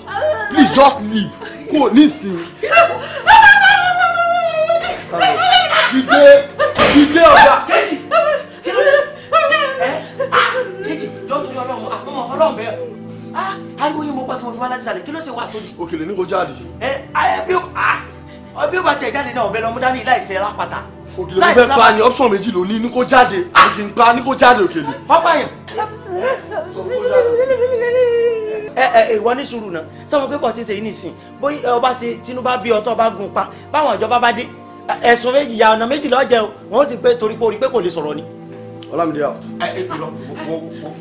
please just leave kò nísìnyí. jíjẹ jíjẹ ọ̀gá. kejì kejì jọ́ torí ọlọ́run àpamọ́ ah, ọlọ́run bẹ́ẹ̀ ah, ariwo yìí mo gbà tó mo fi wá láti sàlẹ̀ kí ló ṣe wà tó ni. òkèlè ní kò jáde. ẹ eh, ẹ ah, eh, bí ó bá tiẹ̀ jáde náà ọ̀bẹ lọ́mú dání láì ṣe lápáta òkèlè ló fẹ́ pa ni méjì ló ní ní kó jáde ah! kì í pa ní kó jáde òkèlè. pápá yẹn. ẹ ẹ ìwọ ní sùúrù náà sọmọ pé pọtí ṣe yìí nìsín bóyá ọba ṣe tinubu bí ọtọ bá gun pa báwọn ìjọba bá dé ẹsùn méjì ìyá ọ̀nà méjì lọ́jẹ̀ o wọ́n ti pé torí pé orí pé kò lè sọ̀rọ̀ ni. ọlámídé àwọn. ẹ ẹ ìrọ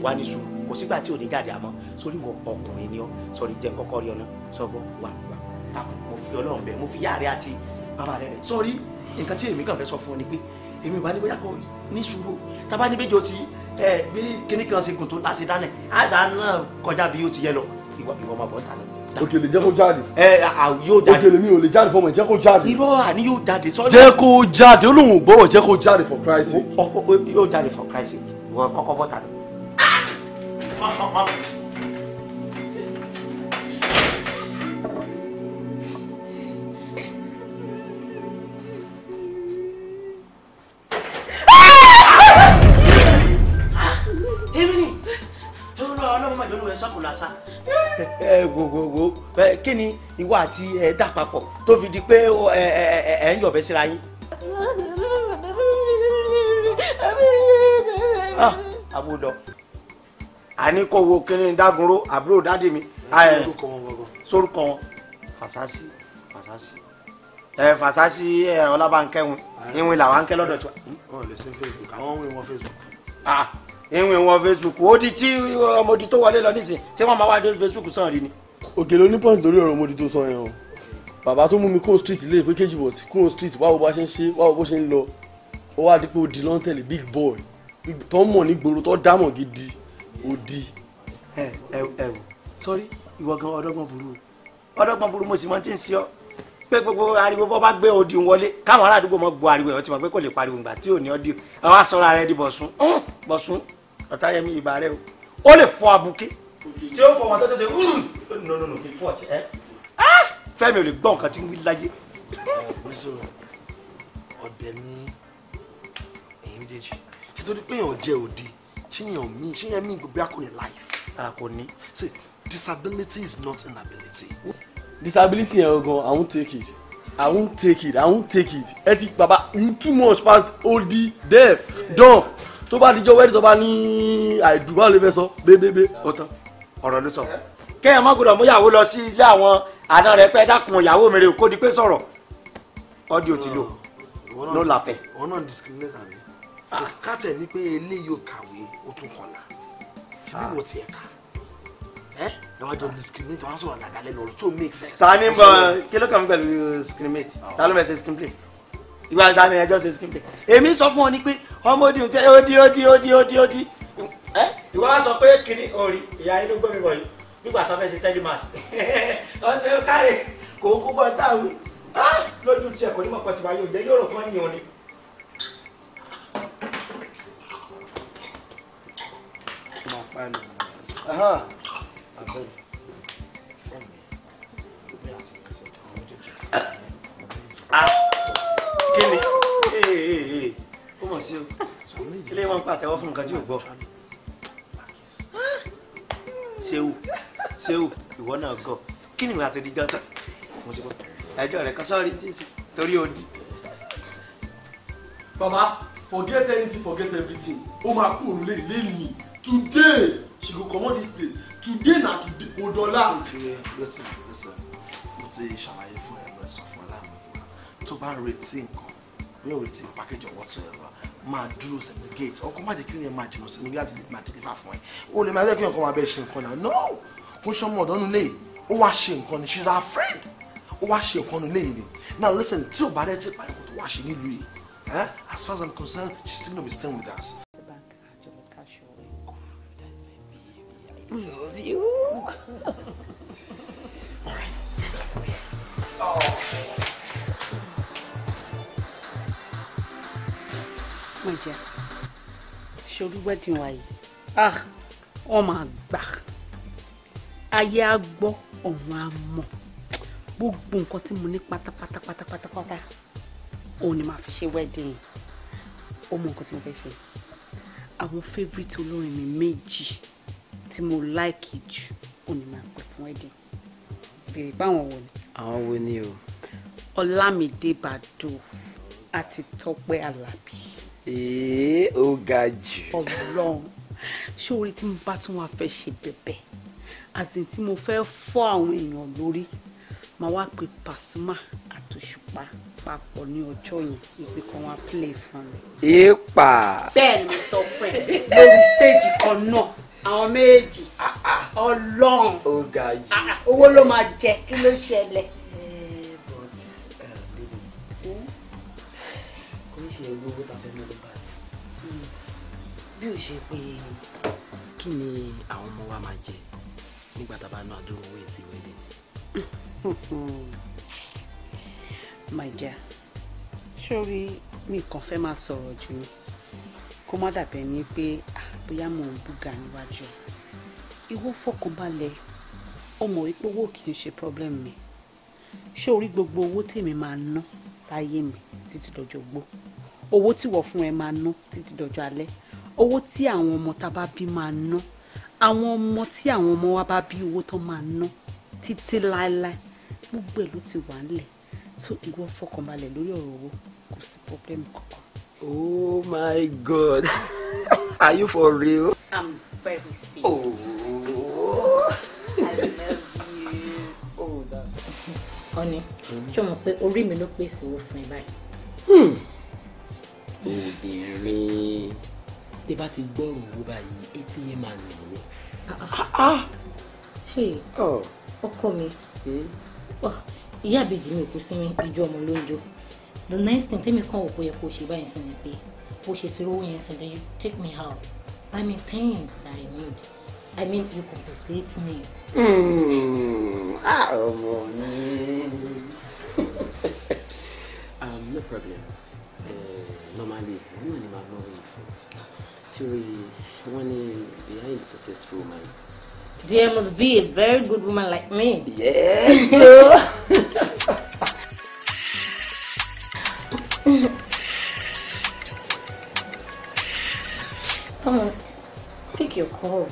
wà ní sùúrù kò sígbà tí ò jáde àmọ́ sórí wọ ọkùnrin ni ọ sọrí jẹ kọ́kọ́ ọ náà sọgbọ wà wà mo fi Ọlọ́run bẹ mo fi yára àti bàbá rẹ sọrí nǹkan tí èmi kàn fẹ́ sọ fún ọ ni pé èmi bá ní bóyá kọ ní sùúrù tábà ní bẹ́jọ sí ẹ bí kíní kan ṣe gùn tó láti dáná àdá náà kọjá bí ó ti yẹ lọ ìwọ ìwọ máa bọ̀ dáná. òkèlè jẹ́ kó jáde. ẹ àwọn yóò jáde. òkèlè mi ò lè jáde fọmọ jẹ́ kó jáde. irọ́ àní yóò jáde sọ́dọ̀. jẹ́ kó jáde olóhùn gbọ́rọ̀ jẹ́ kó jáde for Christ. yóò jáde for Christ ìwọ kọ́kọ́ bọ́ta. kí ni ìwọ àti ẹ dà papọ̀ tó fi di pé ẹ ẹ ẹ ń yọ̀bẹ síra yín. Ah, àbúdọ̀ àní kò wo kíni dágunró àbúrò dáàdì mi ah, sórúkọ wọn fàṣásí fàṣásí ẹ fàṣásí ẹ ọlábànkẹwìn ìwìn làwọn kẹ lọ́dọ̀ tí wa. ọ lè ṣe facebook àwọn ń wé wọn facebook. ah ìwìn wọn facebook ó di tí ọmọdé tó wọlé lọ nísìnyí tí wọn máa wá dé facebook sàn rí ni òkèlè onípọ̀n torí ọ̀rọ̀ modi tó sọ yẹn o bàbá tó mú mi kúrò street lè pé kejì bọ̀ tí kúrò street wáwo bá ṣe ń ṣe wáwo bó ṣe ń lọ ó wá di pé odi ló ń tẹ̀lé big boy tó mọ̀ ní gbòòrò tó dámọ̀ gidi odi. ẹ ẹ ẹ wò sọrí ìwọ gan ọdọgbọn burú ọdọgbọn burú mo sì mọ tí ń ṣe ọ pé gbogbo ariwo bọ́ bá gbé odi wọlé káwọn ará àdúgbò mọ gbọ́ ariwo ẹ̀ ọtí mọ̀ pé kò lè pariwo ìgbà tí ò ní ọdí ọ wá sọ ara rẹ di bọ̀sùn bọ̀sùn ọ̀tá yẹmi ìbà rẹ o ó lè fọ àbùké tí ó fọwọ́n tó tó ṣe wúrù no no no before ti ẹ. fẹ́mi ò lè gbọ́ nǹkan tí ń wí láyé. ọ̀dẹ̀ ni èyí méjèèjì títorí pé èèyàn jẹ́ òdi ṣé èèyàn mí ṣé èèyàn mí gbogbo akọni life. a kò ní. say disability is not inability. disability yẹn gan i won't take it i won't take it i won't take it ẹ ti baba you too much pass od deaf dumb tó bá dijọ́ wẹ́rì tó bá ní àìdùbọ̀ lè fẹ́ sọ bébébé ọ̀tán ọ̀rọ̀ ló sọ kẹ́hìn má gbọ́dọ̀ mú ìyàwó lọ sí ilé àwọn àna rẹ̀ pé dákun ìyàwó mi rè kó di pé sọ̀rọ̀ ọ́díò ti lò ló làpẹ́. wọn náà discriminate àmì ah. kátẹ ní pé eléyìí ò kàwé ó tún kọlà ṣebí wọ́n ah. tiẹ̀ ká ẹ ẹ wá jọ discriminate wọn sọ̀rọ̀ dàda lẹ́nu ọ̀rọ̀ tó make sense. ta ni bọ kí ló kàn mí pẹ̀lú discriminate ah. ta ló mẹ ṣe discriminate ìgbà ta ni ẹjọ́ ṣe discriminate èmi sọ fún ọ ni pé ọmọ odi odi odi odi odi odi ẹ eh? ìwọ wá sọ pé kínní orí ìyá inú gbọ́mi wọ̀nyí nígbà tó fẹ́ ṣe tẹ́límàs ọ̀sẹ̀ káre kò kú bọ́ táwí ah, lójú tiẹ̀ kò ní mọ̀ pọ̀tù wáyé òjẹ́ yóò rò kán yìí òní. kíni ó mọ̀ sí o ilé wọn pàtẹ́wọ́ fún nǹkan tí ò gbọ́ sehu sehu ìwọ náà gọ kí ni ìwà tó di johnson mo ti gbọ́ ẹjọ́ rẹ kan sọrí tí ń sè torí baba forget anything forget everything ó máa kú òun lẹ́yìn lẹ́yìn today she go comot this place today na today kò dọ́là. listen listen mo ti ṣàlàyé fún ẹ lọ sọ fún ọlámọdé tó bá ń retí nǹkan no written package or whatsoever máa dúró segregate ọkọ má jẹ kí ni ẹ máa jìnnà sí mi láti máa deliver fún ẹ o lè máa jẹ kí ọkọ máa bẹ ṣe nǹkan náà no kò ń ṣọmọ ọdọ nílé ó wá ṣe nǹkan ni she is our friend ó wá ṣe nǹkan nílé yìí ni now listen tí ò bá dẹ ti pariwo tó wá ṣe nílùú yìí eh? as far as I'm concerned she still no be staying with us. Oh, love you. sórí wedding wa yìí ah wọ́n máa gbà ayé á gbọ́ ọ̀run á mọ̀ gbogbo nǹkan tí mo ní pátápátá pátápátá òun ni màá fi ṣe wedding ó mọ nǹkan tí mo fẹ́ ṣe àwọn favourite olórin mi méjì tí mo like jù òun ni màá pè fún wedding béèrè báwọn wò ni. àwọn wo ni o. Ọlámídé Bàdó àti Tọ́pẹ́ Àlàbí ee ó ga jù. Ọlọ́run ṣé orí tí mo bá tún wá fẹ́ ṣe bẹ̀bẹ̀ àti tí mo fẹ́ fọ́ àwọn èèyàn lórí màá wá pe Pasuma àtòṣùpá papọ̀ ní ọjọ́ yẹn ìpè kan wá play fún mi. èèpà. bẹ́ẹ̀ ni mo sọ fún ẹ lórí stéèjì kan náà àwọn méjì Ọlọ́run ó ga jù ah, ah, owó ló máa jẹ kí ló ṣẹlẹ̀. Eh, eh, hmm? ṣe gbogbo ta fẹ́ mọ́ bí ó ṣe pé kí ni àwọn ọmọ wa máa jẹ nígbà tá a bá ná àdúrà owó èsì wedding. my dear sórí mi kàn fẹ́ máa sọ̀rọ̀ jù ni kó má dàbẹ̀ ni pé bóyá mò ń búga níwájú ìwọ fọkànbalẹ̀ ọmọ wípé owó kì í ṣe problem mi ṣé o rí gbogbo owó tèmi máa ná láyé mi títí dọjọ́ gbó owó tí fún ẹ máa ná títí dọjọ́ alẹ́ owó tí àwọn ọmọ tá a bá bí máa ná àwọn ọmọ tí àwọn ọmọ wa bá bí owó tó máa ná títí láéláé gbogbo ẹ̀ ló ti wà nílẹ̀ so ìwọ fọkànbalẹ̀ lórí ọ̀rọ̀ owó kò sí pọ́blẹ́mù kankan. oh my god are you for real. i'm very sick. Oh. i love you. oh that's. ọ̀nì tí hmm. o mọ̀ pé orí mi ló pèsè owó fún ẹ báyìí. Hmm tẹ bá ti gbọ́rùn owó báyìí etí yẹn máa nù mí. Ah, ah. Oh. ọkọ mi hmm? ìyá àbèjì mi kú sí mi ìjọ ọmọ ló ń jó the next thing tẹ́mi kàn wò kó yẹ kó ṣe báyìí sí ni pé bó ṣe ti rówó yẹn sẹ́yìn you take me out buy me things that I need I mean you compensate me. Hmm, ah, ọmọ mi um, no problem uh, normally one of them are not really full. Actually, one behind a successful man. There must be a very good woman like me. Yes. Come on, pick your call.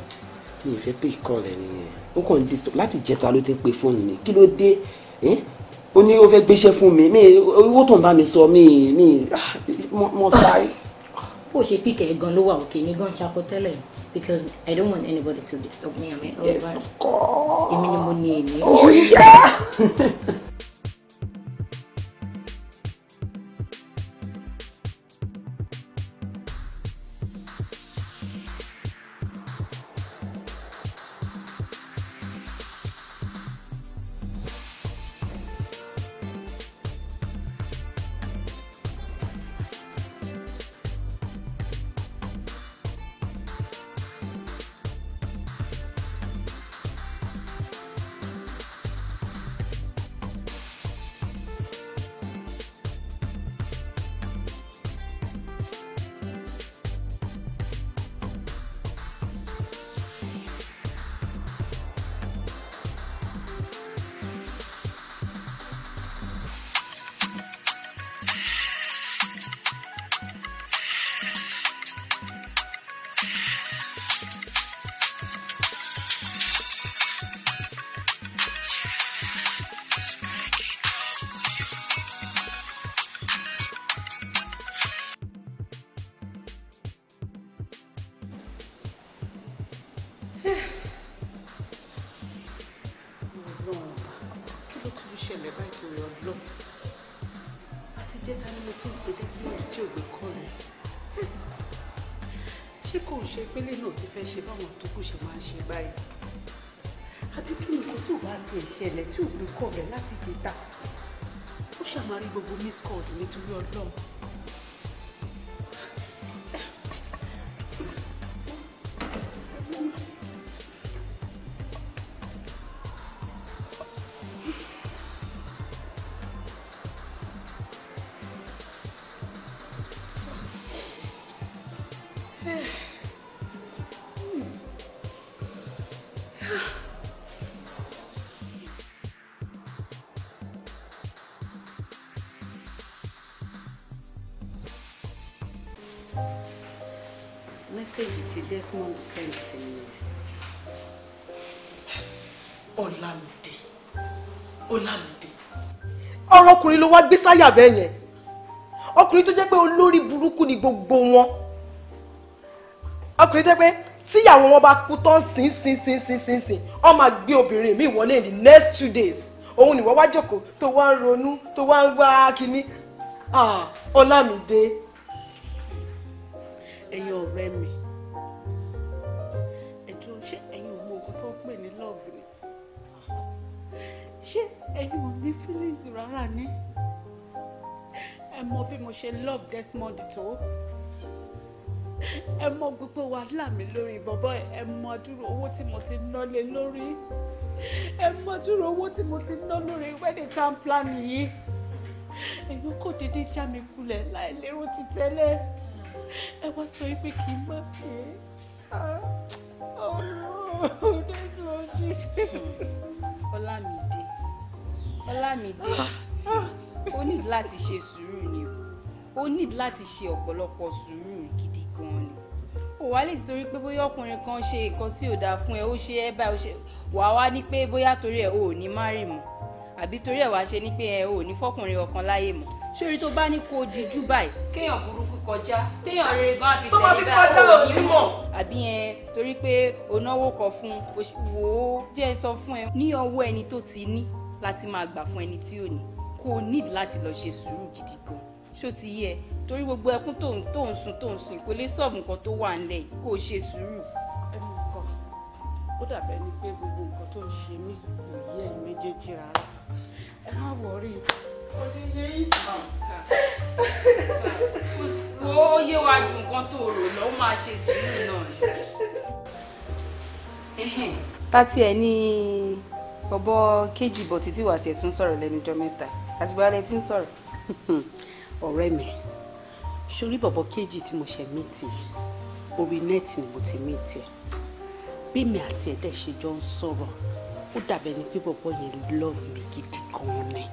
Mi ò fẹ́ pick call ẹ nìyẹn. Ó kàn ń disturb láti jẹta ló ti ń pe fóònù mi. Kí ló dé? Ó ní ó fẹ́ gbéṣẹ́ fún mi. Mi owó tó ń bá mi sọ mi mi ah, mo sáré bó ṣe píkẹ́ gan ló wà òkè mi gan ṣakọ tẹ́lẹ̀ because I don't want anybody to disturb me I'm an elder yes of course èmi ni mo ní èmi. ṣẹlẹ̀ tí ò gbé kọ̀ rẹ̀ láti dìta ó ṣàmárí gbogbo miss calls nítorí ọlọ́run Desmond send sí mi yẹn. Ọlámidé Ọlámidé ọ̀rọ̀ ọkùnrin ló wá gbé sáyà bẹ́ẹ̀ yẹn ọkùnrin tó jẹ́ pé olórí burúkú ni gbogbo wọn ọkùnrin tó jẹ́ pé tíyàwó wọn bá kú tán sín sín sín sín sín sín wọn máa gbé obìnrin mi wọlé in the next two days òun nìwọ wá jókòó tó wá ń ronú tó wá ń wá kínní ah, Ọlámidé ẹ̀yin ọ̀rẹ́ mi. ní feelings rárá ni ẹ mọ bí mo ṣe love Desmond tó ẹ mọ gbogbo wàhálà mi lórí bọ́bọ́ ẹ mọ dúró owó tí mo ti ná lé lórí ẹ mọ dúró owó tí mo ti ná lórí wedding town plan yìí èmi kò dédé já mi kulẹ̀ láì lérò ti tẹ́lẹ̀ ẹ wá sọ pé kì í má pè é ọlọ́run ah, oh Desmond. ọlá mi. Ọlámídé ó ní láti ṣe sùúrù ni o ó ní láti ṣe ọ̀pọ̀lọpọ̀ sùúrù gidi gan ni o wá lè torí pé bóyá ọkùnrin kan ṣe nǹkan tí ò dáa fún ẹ ó ṣe ẹ báyìí ó ṣe wàá wá ní pé bóyá torí ẹ ò ní má rì mọ́ àbí torí ẹ wàá ṣe ní pé ẹ ò ní fọkùnrin ọkàn láyè mọ́ sórí tó bá ní kó jíjú báyìí kéèyàn burúkú kọjá téèyàn rere gan àfi tẹ̀lé báyìí ó ní mọ̀ àbí yẹn torí pé o náwó kan fún wò ó jẹ́ sọ fún ẹ ní ọwọ́ ẹni tó ti ní láti máa gbà fún ẹni tí ò ní kó o need láti lọ ṣe sùúrù gidi gan ṣó ti yẹ torí gbogbo ẹkún tó ń tó ń sun tó ń sun kò lè sọ̀bù nǹkan tó wà ńlẹ̀ kó o ṣe sùúrù. ẹnu kan ó dàbẹ̀ ni pé gbogbo nǹkan tó ń ṣe mí kò yé ẹ̀ méjèèjì rárá ẹ má wọrí oníyé ìgbà ó yé wa ju nǹkan tó rò lọ máa ṣe sùúrù náà. tá tiẹ̀ ní ọ̀bọ kejì bọ̀ títí wà tiẹ̀ tún sọ̀rọ̀ lẹ́nu ọjọ́ mẹ́ta àti bá alẹ́ tí ń sọ̀rọ̀ ọ̀rẹ́ mi sórí bọ̀bọ̀ kejì tí mo ṣe mìtì orí nẹ́ẹ̀tì ni mo ti mìtì ẹ̀ bí mi àti ẹ̀dẹ̀ ṣe jọ ń sọ̀rọ̀ ó dàbẹ̀ ni pé bọ̀bọ̀ yẹn love mi gidi gan-an ni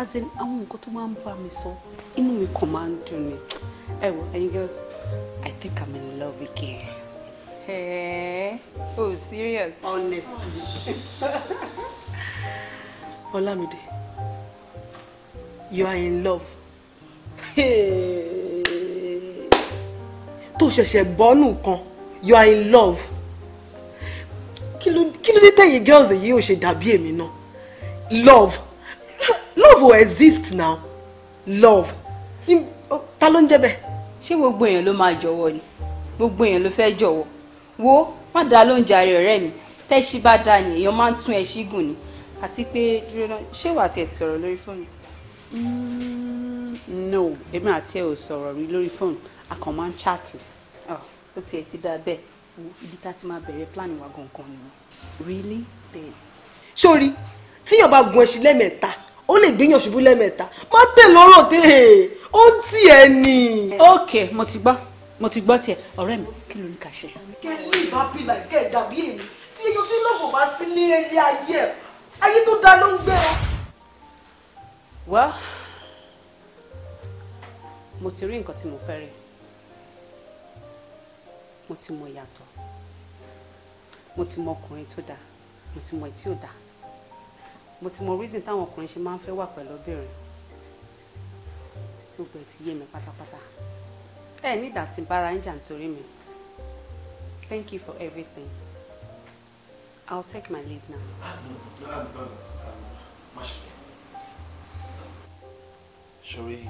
as in àwọn nǹkan tó máa ń bá mi sọ inú mi kàn máa ń dùn ni ẹ wo ẹyin girls I think I'm in love again. Hey. Oh, serious? Honestly. Olamide, you are in love. Hey, Tó ṣẹ̀ṣẹ̀ bonu kon? you are in love. Kí ló dé tẹ̀yìn girls èyí ò ṣe dàbí èmi náà? Love. Love will exist now. Love. Ta ló ń jẹ́ bẹ́ẹ̀? Ṣé lo èèyàn ló ni? Gbogbo èèyàn ló fẹ́ jọ̀wọ́ wo má dá ló ń jàre ọ̀rẹ́ mi tẹ́sí bá dáa ni èèyàn máa ń tún ẹṣí gùn ni àti pé dúró náà ṣé wà á tiẹ̀ ti sọ̀rọ̀ lórí fóònù. Mm, no èmi àti ẹ ò sọ̀rọ̀ rí lórí fóònù a kàn máa ń chaàtì. ó tiẹ̀ ti dáa bẹ́ẹ̀ wo ibi tá a ti máa bẹ̀rẹ̀ plan wa gangan nìyẹn. really bẹ́ẹ̀. sórí tíyàn bá gun ẹṣin lẹ́ẹ̀mẹ́ta ó lè gbéyàn ṣubú lẹ́ẹ̀mẹ́ta má tẹ̀ lọ́rọ̀ ok mo mo ti gbọ́ tiẹ̀ ọ̀rẹ́ mi kí ló ní ká ṣe. kẹ́lí ìbá bìlà kẹ́ dàbí èmi tí iyun tí lọ́gùn bá sí ní ilé ayé ayé tó da ló ń gbé ọ. wá mo ti rí nǹkan tí mo fẹ́ rí mo ti mọ ìyàtọ̀ mo ti mọ ọkùnrin tó dáa mo ti mọ èyí ò dáa mo ti mọ reason táwọn ọkùnrin ṣe máa ń fẹ́ wà pẹ̀lú obìnrin gbogbo ẹ̀ ti yé mi pátápátá ẹ ní ìdàtí bára ń jà nítorí mi thank you for everything i'll take my leave now. Ah, sori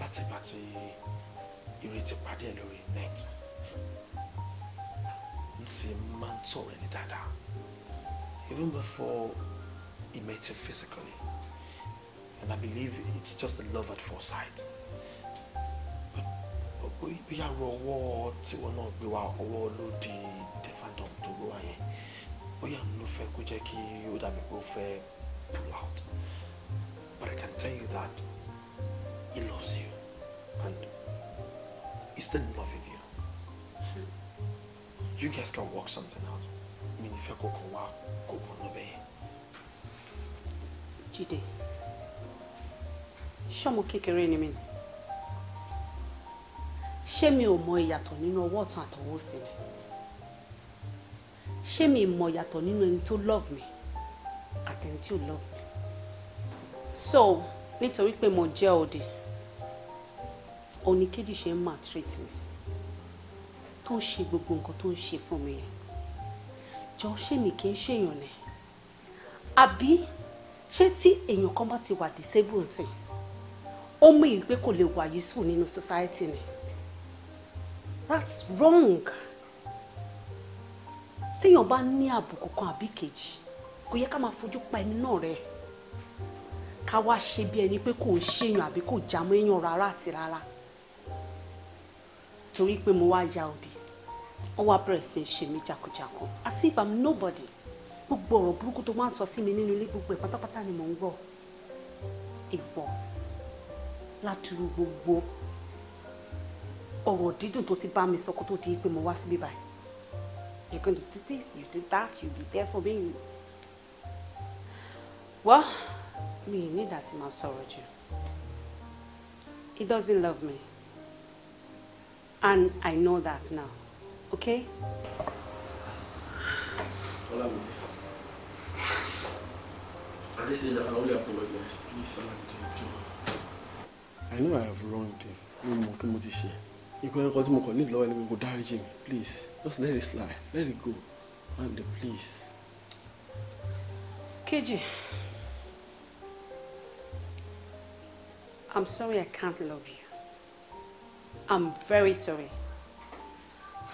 láti bá ti ìrètí pàdé ẹ lórí net n ti máa ń tọrọ ẹni dáadáa even before he met you physically and i believe it's just a love at first sight ó yà rọ ọwọ́ tiwọn náà gbé wa ọwọ́ lóde tefandom tó gbé wa yẹn ó yà ló fẹ́ kó jẹ́ kí ó dàbí pé fẹ́ pull out but I can tell you that he loves you and he's still in love with you you guys can work something out mi ní fẹ́ kó kàn wá kó kàn lọ́bẹ̀ yẹn. Jídé ṣọ́mù kékeré ni mi ni ṣé mi ò mọ ìyàtọ̀ nínú ọwọ́ ọ̀tún àtọwọ́ òsì mi ṣé mi mọ ìyàtọ̀ nínú ẹni tó love me àtẹni tí ò love me so nítorí pé mo jẹ́ òde òní kejì ṣe ń maltreat mi tó ń ṣe gbogbo nǹkan tó ń ṣe fún mi yẹn jọ ṣé mi kì í ṣèyàn ni àbí ṣé tí èèyàn kan bá ti wà disable nsìn ó mú ìgbé kò lè wà yìí sùn nínú society ni that's wrong téèyàn bá ní àbùkù kan àbí kejì kò yẹ ká máa fojú pa ẹni náà rẹ ká wá ṣe bí ẹni pé kò ń ṣèyàn àbí kò já mọ́ èèyàn rárá àti rárá torí pé mo wá ya òde wọ́n wá bẹ̀rẹ̀ sí ṣe mí jákujàku as if I'm nobody gbogbo ọ̀rọ̀ burúkú tó máa ń sọ sí mi nínú ilé gbogbo ẹ̀ pátápátá ni mò ń gbọ́ èèwọ̀ ládùúrú gbogbo ọ̀rọ̀ dídùn tó ti bá mi sọ kó tó di pé mo wá síbí báyìí you can do this you do that you be there for me. well mi ì ní ìdàtí máa sọ̀rọ̀ jù he doesn't love me and I know that now okay. at this stage I can only apologize please Olamide, I know I have wronged you mo mọ̀ kí mo ti ìpín ẹ̀kọ́ tí mo kàn ní ìlọ́wọ́ ẹni gbogbo dáríjì mi please just let it slide let it go and please. Kejì, I'm sorry I can't love you. I'm very sorry.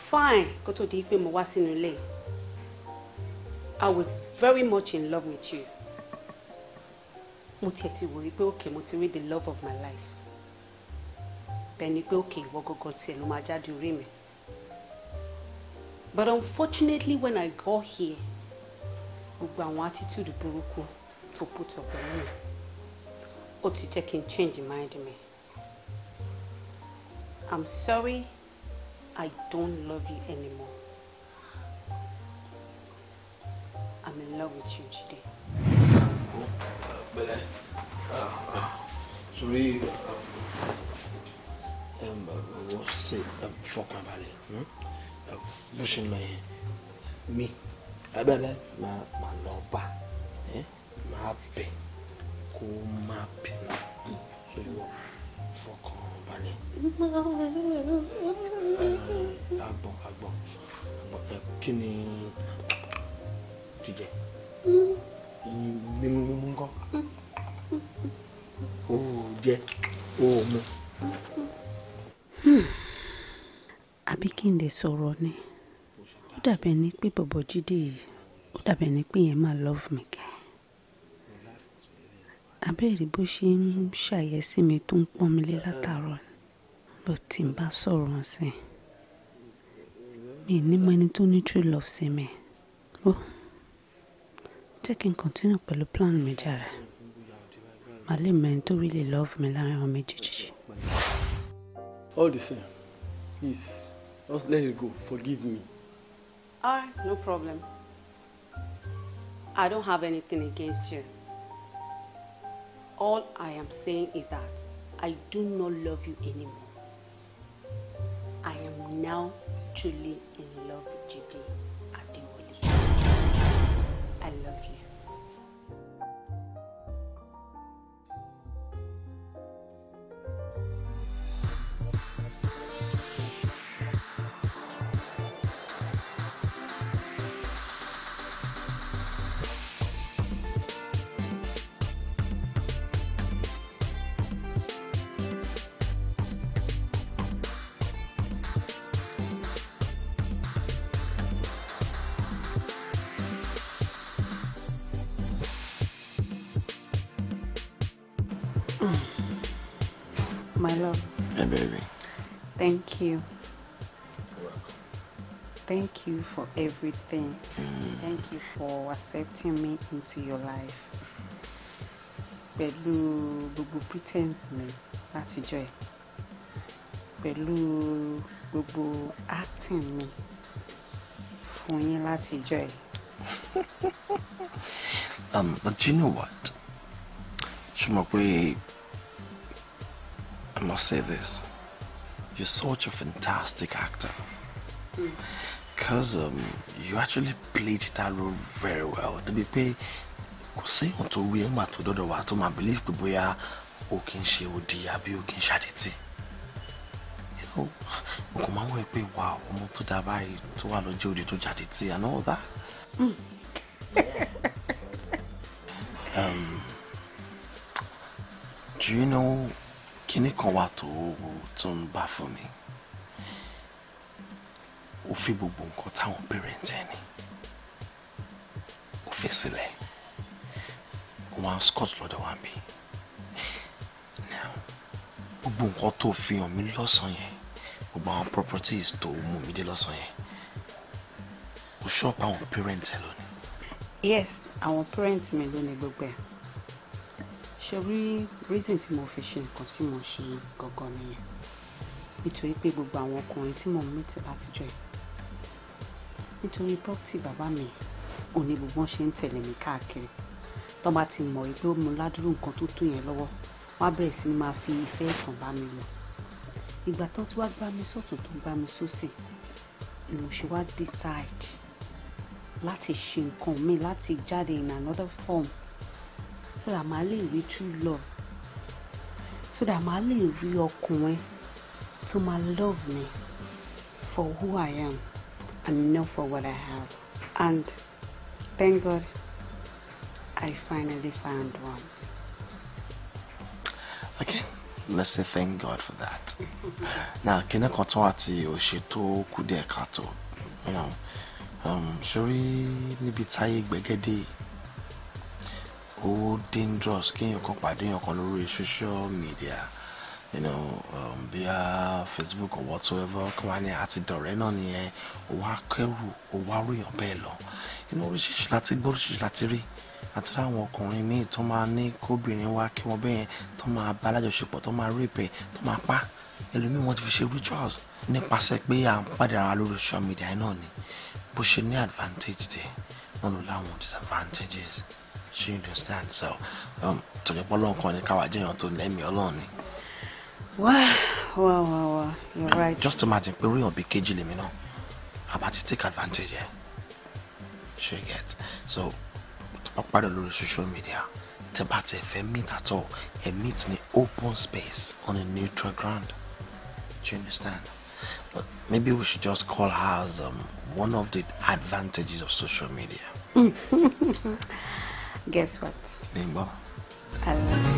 Fine, go to di pé mo wá sínú ilé. I was very much in love with you. Mo tiẹ̀ ti wò wípé òkè mo ti rí the love of my life bẹ́ẹ̀ ni pé òkè ìwọ gangan tiẹ̀ ló máa jáde orí mi but unfortunately when I got here gbogbo àwọn attitude burúkú tó put up pẹ̀lú mi ó ti jẹ́ kí n change mind me. I'm sorry I don't love you anymore I'm in love with you today. Jide. Bẹ́lẹ̀ ah, ah. sórí ṣe fọkànbalẹ̀ hm? bó ṣe lọ yẹn mi abẹ́rẹ́ máa máa lọ bá máa hm? bẹ̀ kó máa bínú so ìwọ fọkànbalẹ̀. àgbọ̀ àgbọ̀ àgbọ̀ kí ni jíjẹ mímú mímú ńkọ́ ó jẹ ó mu. kí n lè sọ̀rọ̀ ni ó dàbẹ̀ ni pé bọ̀bọ̀ jíde ó dàbẹ̀ ni pé yẹn máa love me kẹ́ abẹ́rẹ́ bó ṣe ń ṣàyẹ̀sí mi tó ń pọ́n mi lé látàárọ̀ bó ti ń bá sọ̀rọ̀ sí mi ní mọ ẹni tó ní true love sí mi ó jẹ́ kí n continue pẹ̀lú plan mi jàre màá lè mọ ẹni tó really love mi láàrin àwọn méjèèjì. all the same please. Just let it go. Forgive me. All right, no problem. I don't have anything against you. All I am saying is that I do not love you anymore. I am now truly in love with Jide. Thank you. Thank you for everything. Thank you for accepting me into your life. Pẹ̀lú gbogbo pretense mi látijọ́ ẹ̀. Pẹ̀lú gbogbo acting mi fún yín látijọ́ ẹ̀. um, but you know what? Shumakwe, I must say this you're such a fantastic actor. Because um, you actually played that role very well. Débi pé kò séyàn tó rí ẹ̀ngbà tó dọ́dọ̀ wá tó máa believe pé bóyá o kì O ṣe òdì àbí o kì í ṣàdétì. Mo kò máa ń wọ̀ pé wà ọmọ tó dá báyìí tó wà lọ́jọ́ òde tó and all that. um, do you know kinní kan wà tó wù tó ń bá fún mi ó fi gbogbo nǹkan táwọn parent ẹ ní ó fi sílẹ̀ wọn á scott lọ́dọ̀ wa bí now gbogbo nǹkan tó fi hàn mí lọ́sàn-án yẹn gbogbo àwọn properties tó mú mi dé lọ́sàn-án yẹn ó ṣọ́ọ̀pù àwọn parent ẹ lónìí. yes àwọn parent mi ló gbogbo ẹ̀ ṣorí reason tí mo fi ṣe nǹkan tí mo ṣe gangan nìyẹn nítorí pé gbogbo àwọn ọkùnrin tí mò ń mìtì látijọ́ yìí nítorí property bàbá mi ò ní gbogbo ṣe ń tẹ̀lé mi káàkiri tó bá ti mọ̀ pé ó mu ládùúrú nǹkan tó tó yẹn lọ́wọ́ wọ́n á bẹ̀rẹ̀ sí ní máa fi ìfẹ́ ẹ̀tàn bá mi lò ìgbà tó ti wá gbá mi sọ̀tún tó gbá mi sósì ni mo ṣe wá decide láti ṣe nǹkan mi láti jáde in another form so that my lè rí true love so that màá lè rí ọkùnrin to my love me for who I am and not for what I have and thank God I finally found one. Okay. Let's say thank God for that. now, kí ni kan tún àti òṣè tó kù díẹ̀ káàtó? Um, Ṣorí níbi táyé gbẹ́gẹ́dé yìí ó dangerous kéèyàn kan pàdé èèyàn kan lórí social media you know um, bí Facebook or whatsoever kí wọ́n á ní àti dọ̀rẹ́ náà nìyẹn ó wá kẹ́rù ó wá ròyàn bẹ́ẹ̀ lọ inú oríṣiríṣi láti gbọ́ oríṣiríṣi láti rí àti láwọn ọkùnrin míì tó máa ní kóbìnrin wá kí wọ́n bẹ́yẹn tó máa bá alájọṣepọ̀ tó máa rape tó máa pa ẹlòmíì wọ́n ti fi ṣe rituals nípasẹ̀ pé à ń pàdé ara lórí social media náà ni bó ṣe ní advantage there náà ló láwọn disadvantages she understand so um, torí pọ́lọ́ nǹkan ni káwa jẹ́yàn tó lẹ́mìí ọlọ́run ni. wá wá wá wá you're um, right. just imagine pé oríyàn bíi kejì lèmi náà About to take advantage ẹ ṣe get so wọ́n parí lórí social media tẹ́ bá ti fẹ́ meet at all ẹ meet ní open space on a neutral ground do you understand but maybe we should just call her as um, one of the advantages of social media. guess what? Rainbow. I love you.